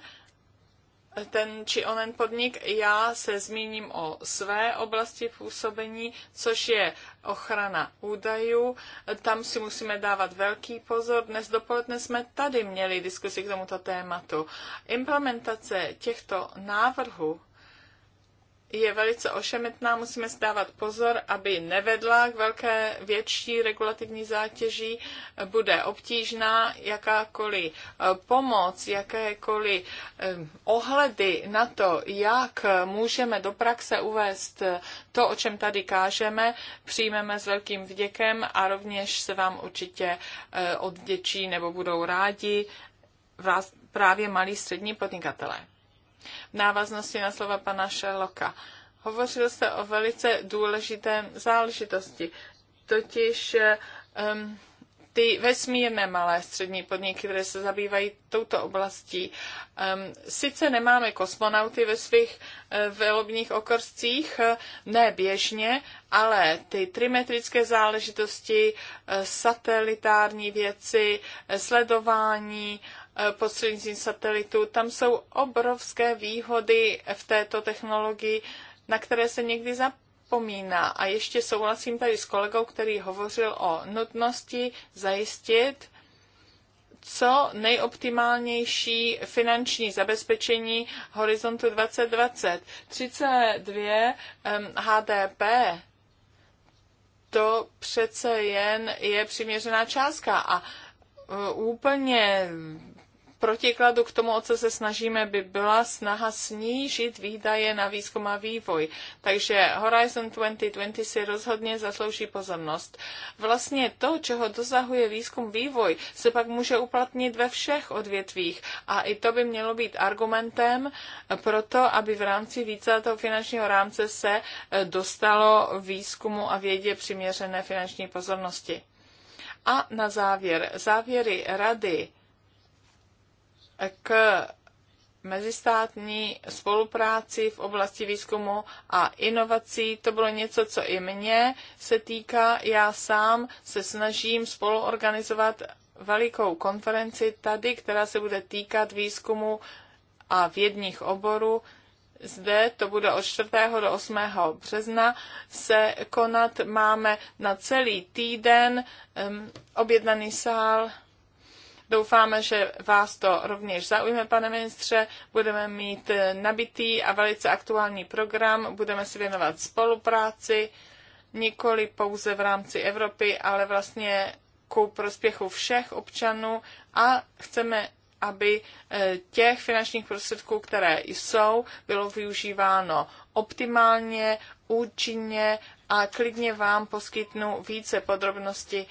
Speaker 3: ten či onen podnik. Já se zmíním o své oblasti působení, což je ochrana údajů. Tam si musíme dávat velký pozor. Dnes dopoledne jsme tady měli diskusi k tomuto tématu. Implementace těchto návrhů je velice ošemetná, musíme stávat pozor, aby nevedla k velké větší regulativní zátěži, bude obtížná jakákoliv eh, pomoc, jakékoliv eh, ohledy na to, jak můžeme do praxe uvést eh, to, o čem tady kážeme, přijmeme s velkým vděkem a rovněž se vám určitě odděčí nebo budou rádi právě malí střední podnikatelé v návaznosti na slova pana Šeloka. Hovořil jste o velice důležité záležitosti, totiž um, ty vesmírné malé střední podniky, které se zabývají touto oblastí. Um, sice nemáme kosmonauty ve svých uh, velobních okrstcích, uh, e, ne běžně, ale ty trimetrické záležitosti, uh, satelitární věci, uh, sledování, uh, Eh, prostřednictvím satelitu. Tam jsou obrovské výhody v této technologii, na které se někdy zapomíná. A ještě souhlasím tady s kolegou, který hovořil o nutnosti zajistit co nejoptimálnější finanční zabezpečení horizontu 2020. 32 HDP to přece jen je přiměřená částka a e, úplně protikladu k tomu, o co se snažíme, by byla snaha snížit výdaje na výzkum a vývoj. Takže Horizon 2020 si rozhodně zaslouží pozornost. Vlastně to, čeho dosahuje výzkum vývoj, se pak může uplatnit ve všech odvětvích a i to by mělo být argumentem pro to, aby v rámci víceletého finančního rámce se eh, dostalo výzkumu a vědě přiměřené finanční pozornosti. A na závěr, závěry rady k mezistátní spolupráci v oblasti výzkumu a inovací. To bylo něco, co i mě se týká. Já sám se snažím spoluorganizovat velikou konferenci tady, která se bude týkat výzkumu a vědních oborů. Zde to bude od 4. do 8. března se konat. Máme na celý týden um, objednaný sál Doufáme, že vás to rovněž zaujme, pane ministře. Budeme mít eh, nabitý a velice aktuální program. Budeme se věnovat spolupráci, nikoli pouze v rámci Evropy, ale vlastně ku prospěchu všech občanů a chceme aby eh, těch finančních prostředků, které jsou, bylo využíváno optimálně, účinně a klidně vám poskytnu více podrobností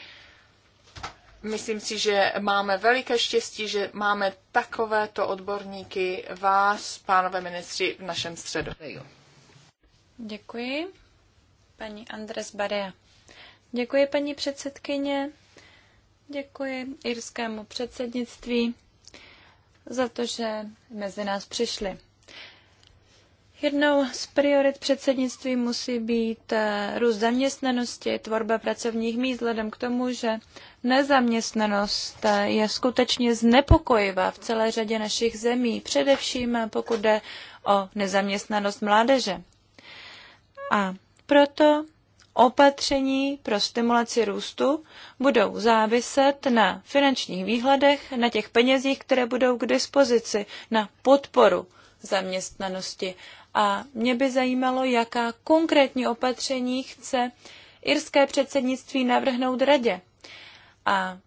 Speaker 3: Myslím si, že máme veliké štěstí, že máme takovéto odborníky vás, pánové ministři, v našem středu.
Speaker 1: Děkuji. Paní Andres Barea. Děkuji, paní předsedkyně. Děkuji irskému předsednictví za to, že mezi nás přišli. Jednou z priorit předsednictví musí být eh, růst zaměstnanosti, tvorba pracovních míst, vzhledem k tomu, že nezaměstnanost eh, je skutečně znepokojivá v celé řadě našich zemí, především eh, pokud jde o nezaměstnanost mládeže. A proto opatření pro stimulaci růstu budou záviset na finančních výhledech, na těch penězích, které budou k dispozici, na podporu zaměstnanosti a mě by zajímalo, jaká konkrétní opatření chce irské předsednictví navrhnout radě. A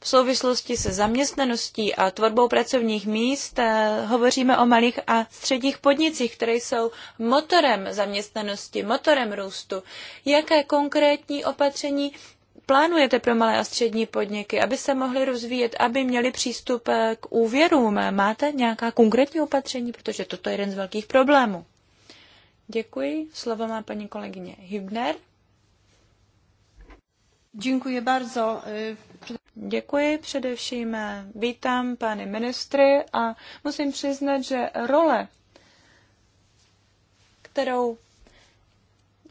Speaker 1: v souvislosti se zaměstnaností a tvorbou pracovních míst eh, hovoříme o malých a středních podnicích, které jsou motorem zaměstnanosti, motorem růstu. Jaké konkrétní opatření plánujete pro malé a střední podniky, aby se mohly rozvíjet, aby měli přístup eh, k úvěrům? Máte nějaká konkrétní opatření, protože toto je jeden z velkých problémů. Děkuji. Slovo má paní kolegyně Hübner. Děkuji bardzo. Eh, Děkuji především. Eh, vítám pány ministry a musím přiznat, že role, kterou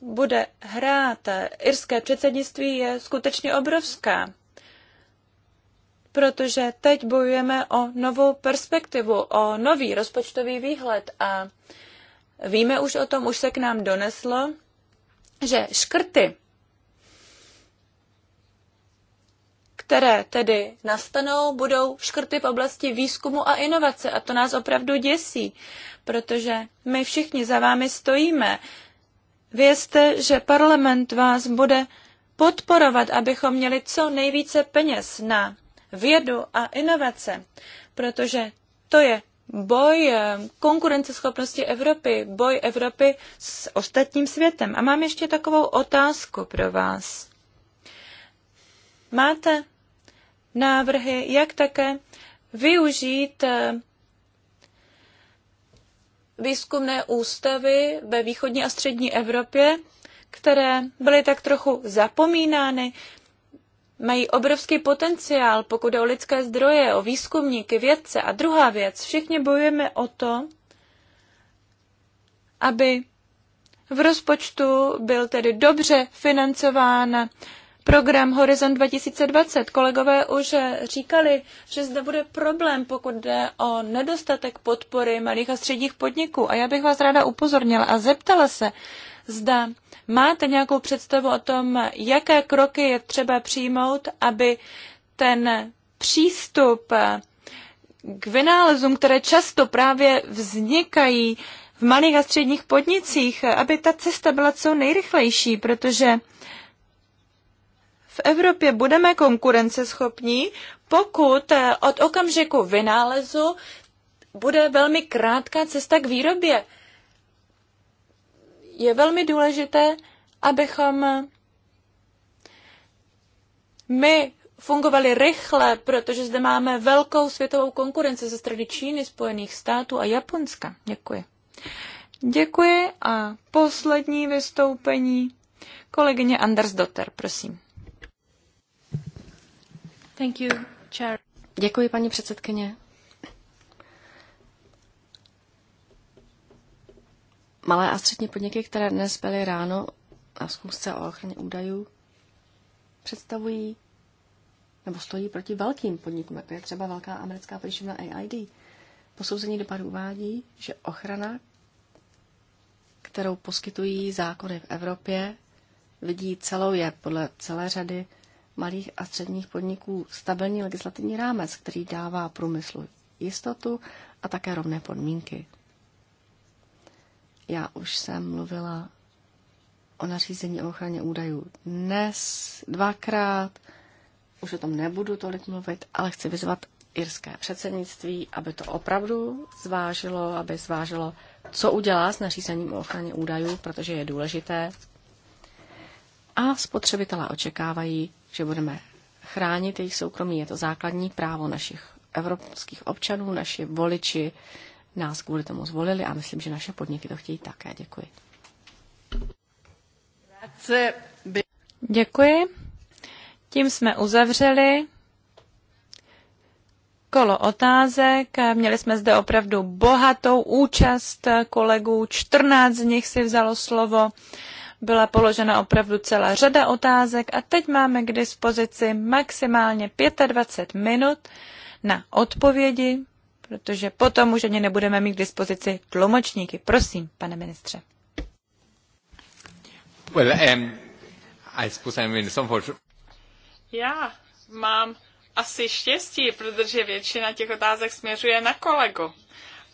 Speaker 1: bude hrát irské předsednictví, je skutečně obrovská. Protože teď bojujeme o novou perspektivu, o nový rozpočtový výhled a víme už o tom, už se k nám doneslo, že škrty, které tedy nastanou, budou škrty v oblasti výzkumu a inovace. A to nás opravdu děsí, protože my všichni za vámi stojíme. Vězte, že parlament vás bude podporovat, abychom měli co nejvíce peněz na vědu a inovace, protože to je boj eh, konkurenceschopnosti Evropy, boj Evropy s ostatním světem. A mám ještě takovou otázku pro vás. Máte návrhy, jak také využít eh, výzkumné ústavy ve východní a střední Evropě, které byly tak trochu zapomínány, mají obrovský potenciál, pokud jde o lidské zdroje, o výzkumníky, vědce. A druhá věc, všichni bojujeme o to, aby v rozpočtu byl tedy dobře financován program Horizon 2020. Kolegové už říkali, že zde bude problém, pokud jde o nedostatek podpory malých a středních podniků. A já bych vás ráda upozornila a zeptala se, zda máte nějakou představu o tom, jaké kroky je třeba přijmout, aby ten přístup k vynálezům, které často právě vznikají v malých a středních podnicích, aby ta cesta byla co nejrychlejší, protože v Evropě budeme konkurenceschopní, pokud eh, od okamžiku vynálezu bude velmi krátká cesta k výrobě. Je velmi důležité, abychom eh, my fungovali rychle, protože zde máme velkou světovou konkurenci ze strany Číny, Spojených států a Japonska. Děkuji. Děkuji a poslední vystoupení kolegyně Anders Dotter, prosím. Thank you, chair. Děkuji, paní předsedkyně.
Speaker 5: Malé a střední podniky, které dnes byly ráno na zkusce o ochraně údajů, představují nebo stojí proti velkým podnikům, jako je třeba velká americká pojišťovna AID. Posouzení dopadů uvádí, že ochrana, kterou poskytují zákony v Evropě, vidí celou je podle celé řady malých a středních podniků stabilní legislativní rámec, který dává průmyslu jistotu a také rovné podmínky. Já už jsem mluvila o nařízení o ochraně údajů dnes dvakrát. Už o tom nebudu tolik mluvit, ale chci vyzvat irské předsednictví, aby to opravdu zvážilo, aby zvážilo, co udělá s nařízením o ochraně údajů, protože je důležité. A spotřebitelé očekávají, že budeme chránit jejich soukromí. Je to základní právo našich evropských občanů, naši voliči nás kvůli tomu zvolili a myslím, že naše podniky to chtějí také. Děkuji.
Speaker 1: Děkuji. Tím jsme uzavřeli kolo otázek. Měli jsme zde opravdu bohatou účast kolegů. 14 z nich si vzalo slovo byla položena opravdu celá řada otázek a teď máme k dispozici maximálně 25 minut na odpovědi, protože potom už ani nebudeme mít k dispozici tlumočníky. Prosím, pane ministře.
Speaker 4: Well, um, I suppose I'm in some
Speaker 3: Já mám asi štěstí, protože většina těch otázek směřuje na kolegu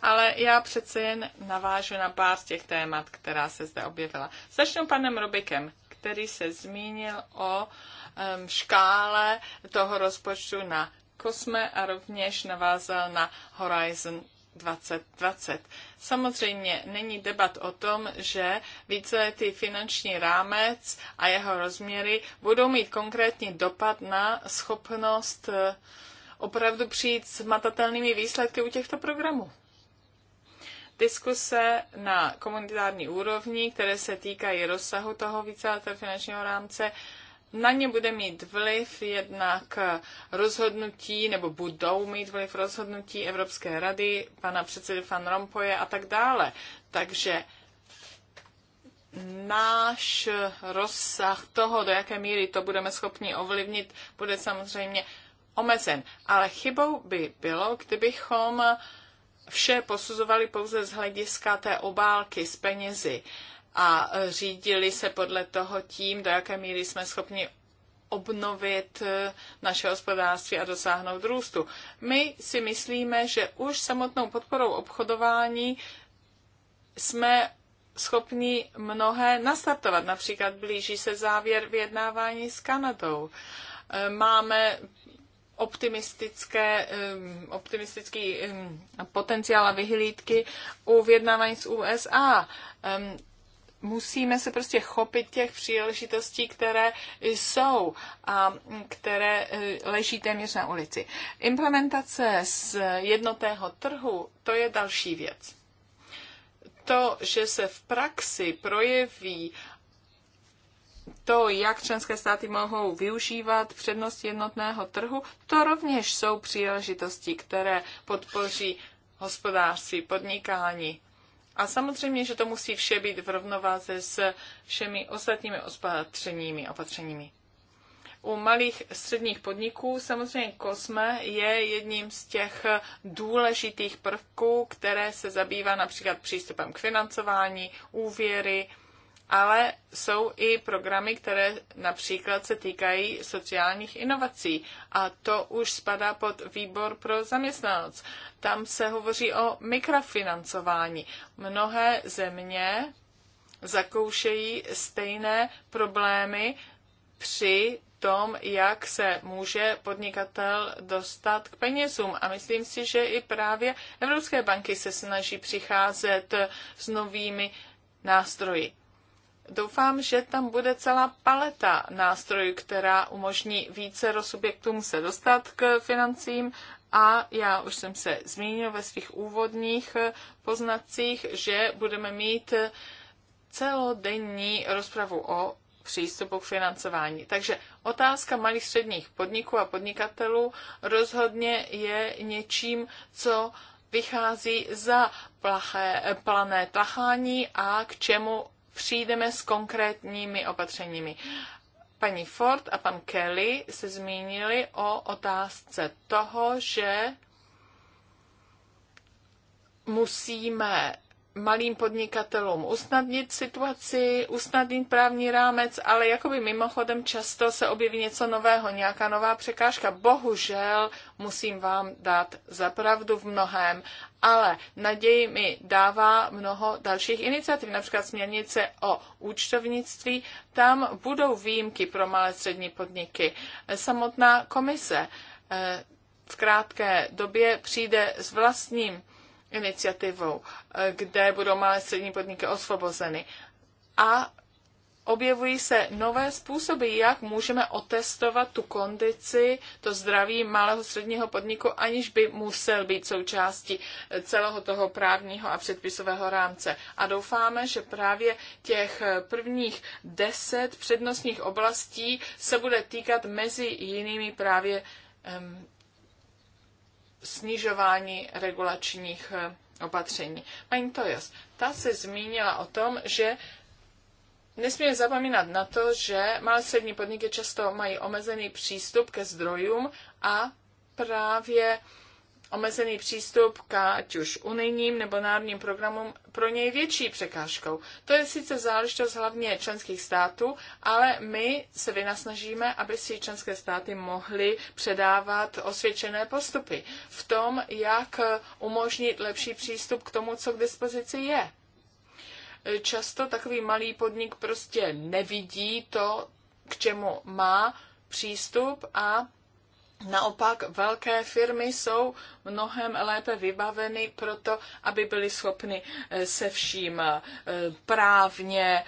Speaker 3: ale já přece jen navážu na pár z těch témat, která se zde objevila. Začnu panem Robikem, který se zmínil o um, škále toho rozpočtu na kosme a rovněž navázal na Horizon 2020. Samozřejmě není debat o tom, že ty finanční rámec a jeho rozměry budou mít konkrétní dopad na schopnost eh, opravdu přijít s matatelnými výsledky u těchto programů. Diskuse na komunitární úrovni, které se týkají rozsahu toho víceletého finančního rámce, na ně bude mít vliv jednak rozhodnutí, nebo budou mít vliv rozhodnutí Evropské rady, pana předsedy Van Rompoje a tak dále. Takže náš rozsah toho, do jaké míry to budeme schopni ovlivnit, bude samozřejmě omezen. Ale chybou by bylo, kdybychom vše posuzovali pouze z hlediska té obálky s penězi a e, řídili se podle toho tím, do jaké míry jsme schopni obnovit e, naše hospodářství a dosáhnout růstu. My si myslíme, že už samotnou podporou obchodování jsme schopni mnohé nastartovat. Například blíží se závěr vyjednávání s Kanadou. E, máme optimistické, optimistický potenciál a vyhlídky u vyjednávání z USA. Musíme se prostě chopit těch příležitostí, které jsou a které e, leží téměř na ulici. Implementace z jednotného trhu, to je další věc to, že se v praxi projeví to, jak členské státy mohou využívat přednost jednotného trhu, to rovněž jsou příležitosti, které podpoří hospodářství, podnikání. A samozřejmě, že to musí vše být v rovnováze s všemi ostatními opatřeními. opatřeními. U malých středních podniků samozřejmě Kosme je jedním z těch důležitých prvků, které se zabývá například přístupem k financování, úvěry, ale jsou i programy, které například se týkají sociálních inovací a to už spadá pod výbor pro zaměstnanoc. Tam se hovoří o mikrofinancování. Mnohé země zakoušejí stejné problémy při tom, jak se může podnikatel dostat k penězům. A myslím si, že i právě Evropské banky se snaží přicházet s novými nástroji. Doufám, že tam bude celá paleta nástrojů, která umožní více subjektům se dostat k financím a já už jsem se zmínil ve svých úvodních poznacích, že budeme mít celodenní rozpravu o přístupu k financování. Takže otázka malých středních podniků a podnikatelů rozhodně je něčím, co vychází za plaché, plané tlachání a k čemu přijdeme s konkrétními opatřeními. Paní Ford a pan Kelly se zmínili o otázce toho, že musíme malým podnikatelům usnadnit situaci, usnadnit právní rámec, ale jakoby mimochodem často se objeví něco nového, nějaká nová překážka. Bohužel musím vám dát zapravdu v mnohem, ale naději mi dává mnoho dalších iniciativ, například směrnice o účtovnictví. Tam budou výjimky pro malé střední podniky. Samotná komise eh, v krátké době přijde s vlastním iniciativou, eh, kde budou malé střední podniky osvobozeny. A objevují se nové způsoby, jak můžeme otestovat tu kondici, to zdraví malého středního podniku, aniž by musel být součástí eh, celého toho právního a předpisového rámce. A doufáme, že právě těch eh, prvních deset přednostních oblastí se bude týkat mezi jinými právě snižování regulačních eh, opatření. Paní Tojas, ta se zmínila o tom, že nesmíme zapomínat na to, že malé střední podniky často mají omezený přístup ke zdrojům a právě omezený přístup k ať už unijním nebo národním programům pro něj větší překážkou. To je sice záležitost hlavně členských států, ale my se vynasnažíme, aby si členské státy mohly předávat osvědčené postupy v tom, jak umožnit lepší přístup k tomu, co k dispozici je. Často takový malý podnik prostě nevidí to, k čemu má přístup a Naopak velké firmy jsou mnohem lépe vybaveny pro to, aby byly schopny eh, se vším eh, právně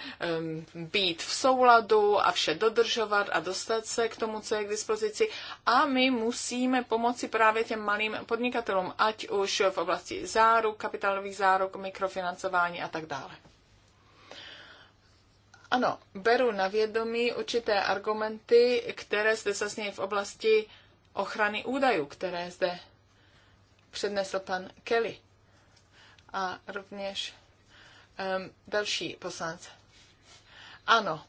Speaker 3: být v souladu a vše dodržovat a dostat se k tomu, co je k dispozici. A my musíme pomoci právě těm malým podnikatelům, ať už v oblasti záruk, kapitálových záruk, mikrofinancování a tak dále. Ano, beru na vědomí určité argumenty, které zde zasnějí v oblasti ochrany údajů, které zde přednesl pan Kelly a rovněž um, další poslance. Ano,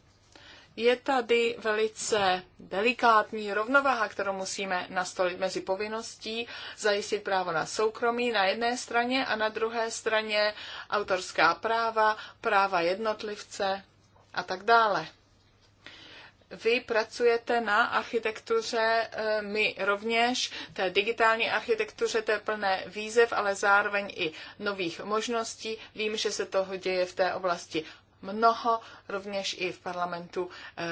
Speaker 3: je tady velice delikátní rovnováha, kterou musíme nastolit mezi povinností zajistit právo na soukromí na jedné straně a na druhé straně autorská práva, práva jednotlivce a tak dále. Vy pracujete na architektuře, eh, my rovněž, té digitální architektuře, té plné výzev, ale zároveň i nových možností. Vím, že se toho děje v té oblasti mnoho, rovněž i v parlamentu eh,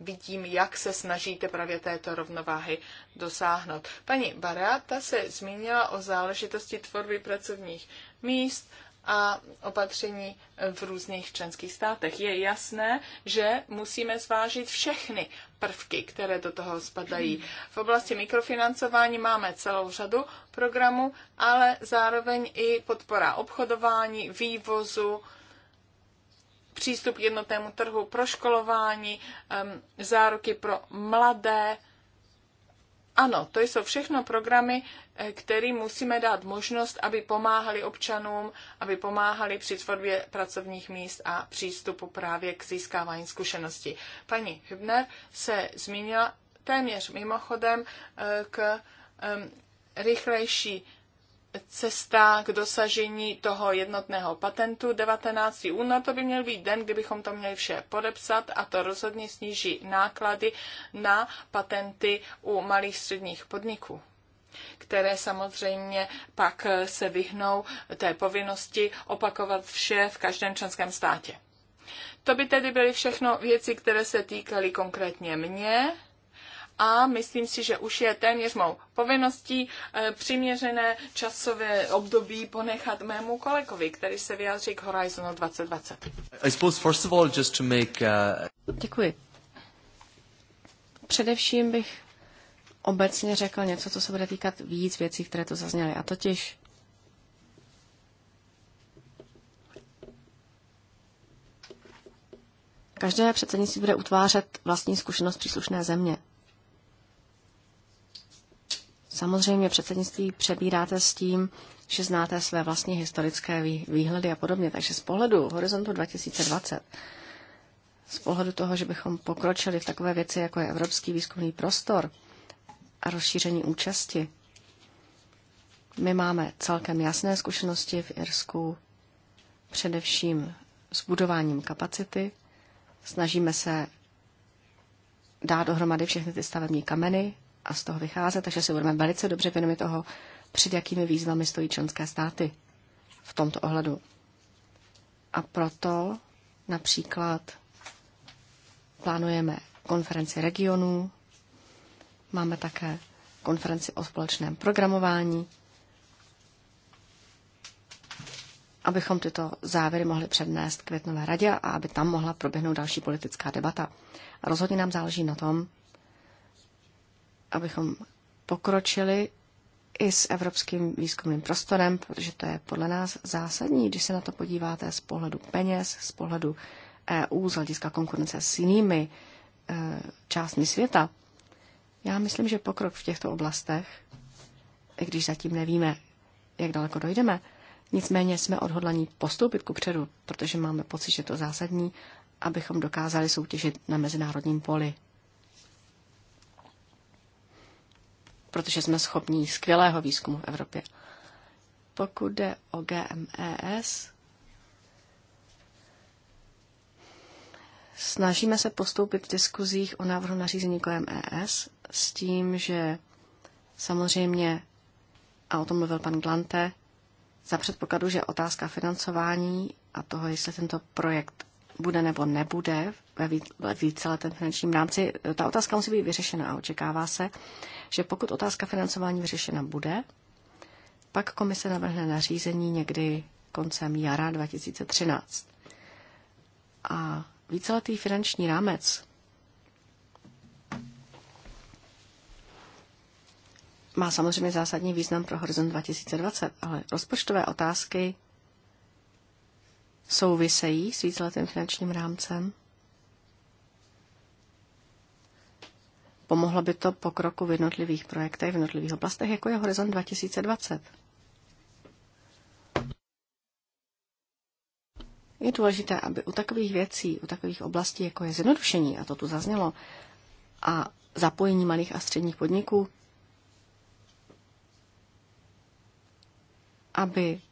Speaker 3: vidím, jak se snažíte právě této rovnováhy dosáhnout. Paní Baráta se zmínila o záležitosti tvorby pracovních míst, a opatření v různých členských státech. Je jasné, že musíme zvážit všechny prvky, které do toho spadají. V oblasti mikrofinancování máme celou řadu programů, ale zároveň i podpora obchodování, vývozu, přístup k jednotnému trhu, proškolování, záruky pro mladé, ano, to jsou všechno programy, eh, kterým musíme dát možnost, aby pomáhali občanům, aby pomáhali při tvorbě pracovních míst a přístupu právě k získávání zkušeností. Paní Hübner se zmínila téměř mimochodem eh, k rychlejší cesta k dosažení toho jednotného patentu 19. února. To by měl být den, kdybychom to měli vše podepsat a to rozhodně sníží náklady na patenty u malých středních podniků které samozřejmě pak se vyhnou té povinnosti opakovat vše v každém členském státě. To by tedy byly všechno věci, které se týkaly konkrétně mě a myslím si, že už je téměř mou povinností eh, přiměřené časové období ponechat mému kolegovi, který se vyjádří k Horizonu 2020.
Speaker 4: Uh, Děkuji.
Speaker 5: Především bych obecně řekl něco, co se bude týkat víc věcí, které tu zazněly. A totiž každé předsednictví bude utvářet vlastní zkušenost příslušné země. Samozřejmě předsednictví přebíráte s tím, že znáte své vlastní historické výhledy a podobně. Takže z pohledu Horizontu 2020, z pohledu toho, že bychom pokročili v takové věci, jako je Evropský výzkumný prostor a rozšíření účasti, my máme celkem jasné zkušenosti v Irsku, především s budováním kapacity. Snažíme se dát dohromady všechny ty stavební kameny, a z toho vycházet, takže si budeme velice dobře vědomi toho, před jakými výzvami stojí členské státy v tomto ohledu. A proto například plánujeme konferenci regionů, máme také konferenci o společném programování, abychom tyto závěry mohli přednést květnové radě a aby tam mohla proběhnout další politická debata. A rozhodně nám záleží na tom, abychom pokročili i s evropským výzkumným prostorem, protože to je podle nás zásadní, když se na to podíváte z pohledu peněz, z pohledu EU, z hlediska konkurence s jinými e, částmi světa. Já myslím, že pokrok v těchto oblastech, i když zatím nevíme, jak daleko dojdeme, nicméně jsme odhodlaní postoupit ku předu, protože máme pocit, že to zásadní, abychom dokázali soutěžit na mezinárodním poli. protože jsme schopní skvělého výzkumu v Evropě. Pokud jde o GMES, snažíme se postoupit v diskuzích o návrhu nařízení GMES s tím, že samozřejmě, a o tom mluvil pan Glante, za předpokladu, že otázka financování a toho, jestli tento projekt bude nebo nebude ve ten finančním rámci, ta otázka musí být vyřešena a očekává se, že pokud otázka financování vyřešena bude, pak komise navrhne nařízení někdy koncem jara 2013. A víceletý finanční rámec má samozřejmě zásadní význam pro horizont 2020, ale rozpočtové otázky souvisejí s víceletým finančním rámcem? Pomohlo by to pokroku v jednotlivých projektech, v jednotlivých oblastech, jako je Horizont 2020. Je důležité, aby u takových věcí, u takových oblastí, jako je zjednodušení, a to tu zaznělo, a zapojení malých a středních podniků, aby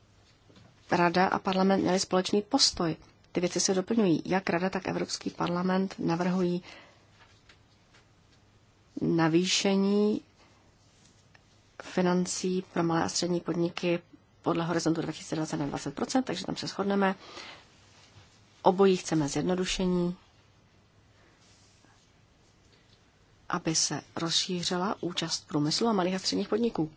Speaker 5: Rada a parlament měli společný postoj. Ty věci se doplňují. Jak Rada, tak Evropský parlament navrhují navýšení financí pro malé a střední podniky podle horizontu 2020 na 20%, takže tam se shodneme. Obojí chceme zjednodušení, aby se rozšířila účast průmyslu a malých a středních podniků.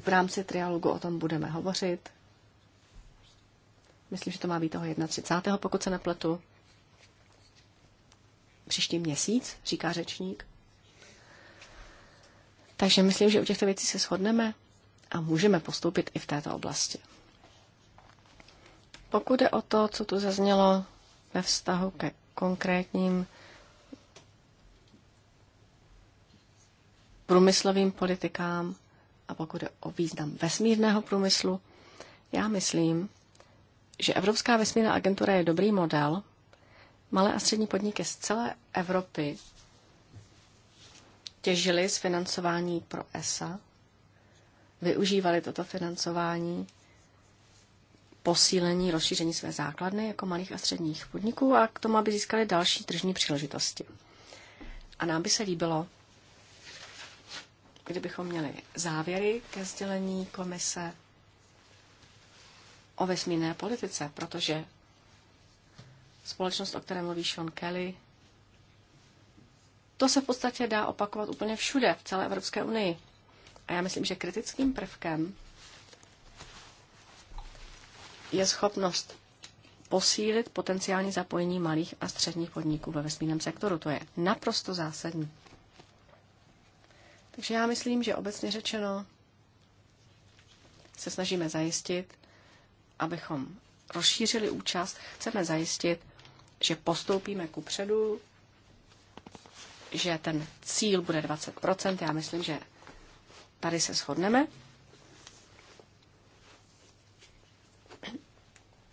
Speaker 5: V rámci trialogu o tom budeme hovořit. Myslím, že to má být toho 31. pokud se nepletu. Příští měsíc, říká řečník. Takže myslím, že u těchto věcí se shodneme a můžeme postoupit i v této oblasti. Pokud je o to, co tu zaznělo ve vztahu ke konkrétním průmyslovým politikám, a pokud je o význam vesmírného průmyslu, já myslím, že Evropská vesmírná agentura je dobrý model. Malé a střední podniky z celé Evropy těžily z financování pro ESA, využívali toto financování posílení, rozšíření své základny jako malých a středních podniků a k tomu, aby získali další tržní příležitosti. A nám by se líbilo, kdybychom měli závěry ke sdělení komise o vesmírné politice, protože společnost, o které mluví Sean Kelly, to se v podstatě dá opakovat úplně všude, v celé Evropské unii. A já myslím, že kritickým prvkem je schopnost posílit potenciální zapojení malých a středních podniků ve vesmírném sektoru. To je naprosto zásadní. Takže já myslím, že obecně řečeno se snažíme zajistit, abychom rozšířili účast, chceme zajistit, že postoupíme ku předu, že ten cíl bude 20%. Já myslím, že tady se shodneme.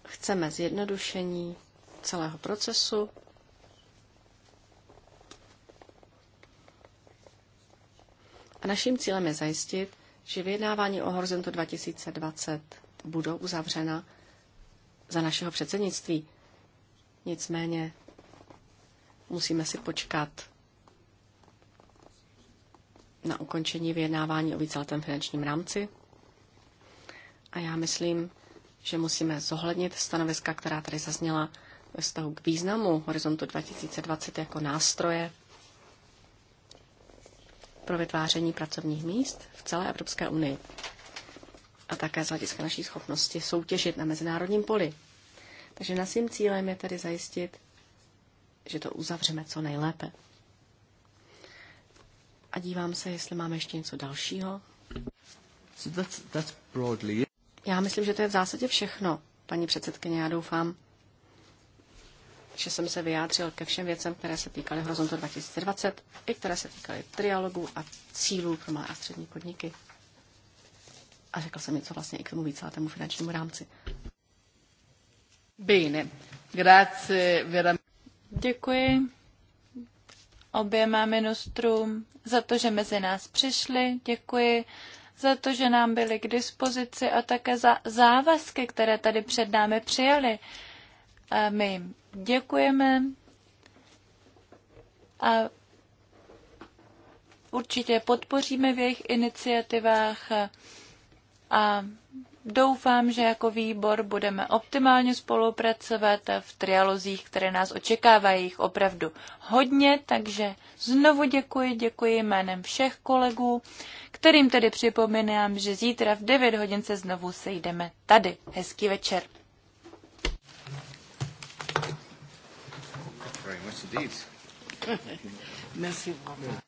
Speaker 5: Chceme zjednodušení celého procesu, A naším cílem je zajistit, že vyjednávání o horizontu 2020 budou uzavřena za našeho předsednictví. Nicméně musíme si počkat na ukončení vyjednávání o víceletém finančním rámci. A já myslím, že musíme zohlednit stanoviska, která tady zazněla ve vztahu k významu Horizontu 2020 jako nástroje pro vytváření pracovních míst v celé Evropské unii a také z hlediska naší schopnosti soutěžit na mezinárodním poli. Takže naším cílem je tedy zajistit, že to uzavřeme co nejlépe. A dívám se, jestli máme ještě něco dalšího.
Speaker 4: So that's, that's broadly...
Speaker 5: Já myslím, že to je v zásadě všechno, paní předsedkyně. Já doufám, že jsem se vyjádřil ke všem věcem, které se týkaly Horizontu 2020 i které se týkaly trialogu a cílů pro malé a střední podniky. A řekl jsem něco vlastně i k tomu víceletému finančnímu rámci. Bene. Grazie, veramente.
Speaker 1: Děkuji oběma ministrům za to, že mezi nás přišli. Děkuji za to, že nám byli k dispozici a také za závazky, které tady před námi přijali. A my Děkujeme a určitě podpoříme v jejich iniciativách a doufám, že jako výbor budeme optimálně spolupracovat v trialozích, které nás očekávají jich opravdu hodně, takže znovu děkuji, děkuji jménem všech kolegů, kterým tedy připomínám, že zítra v 9 hodin se znovu sejdeme tady. Hezký večer.
Speaker 4: very much indeed. Merci, beaucoup.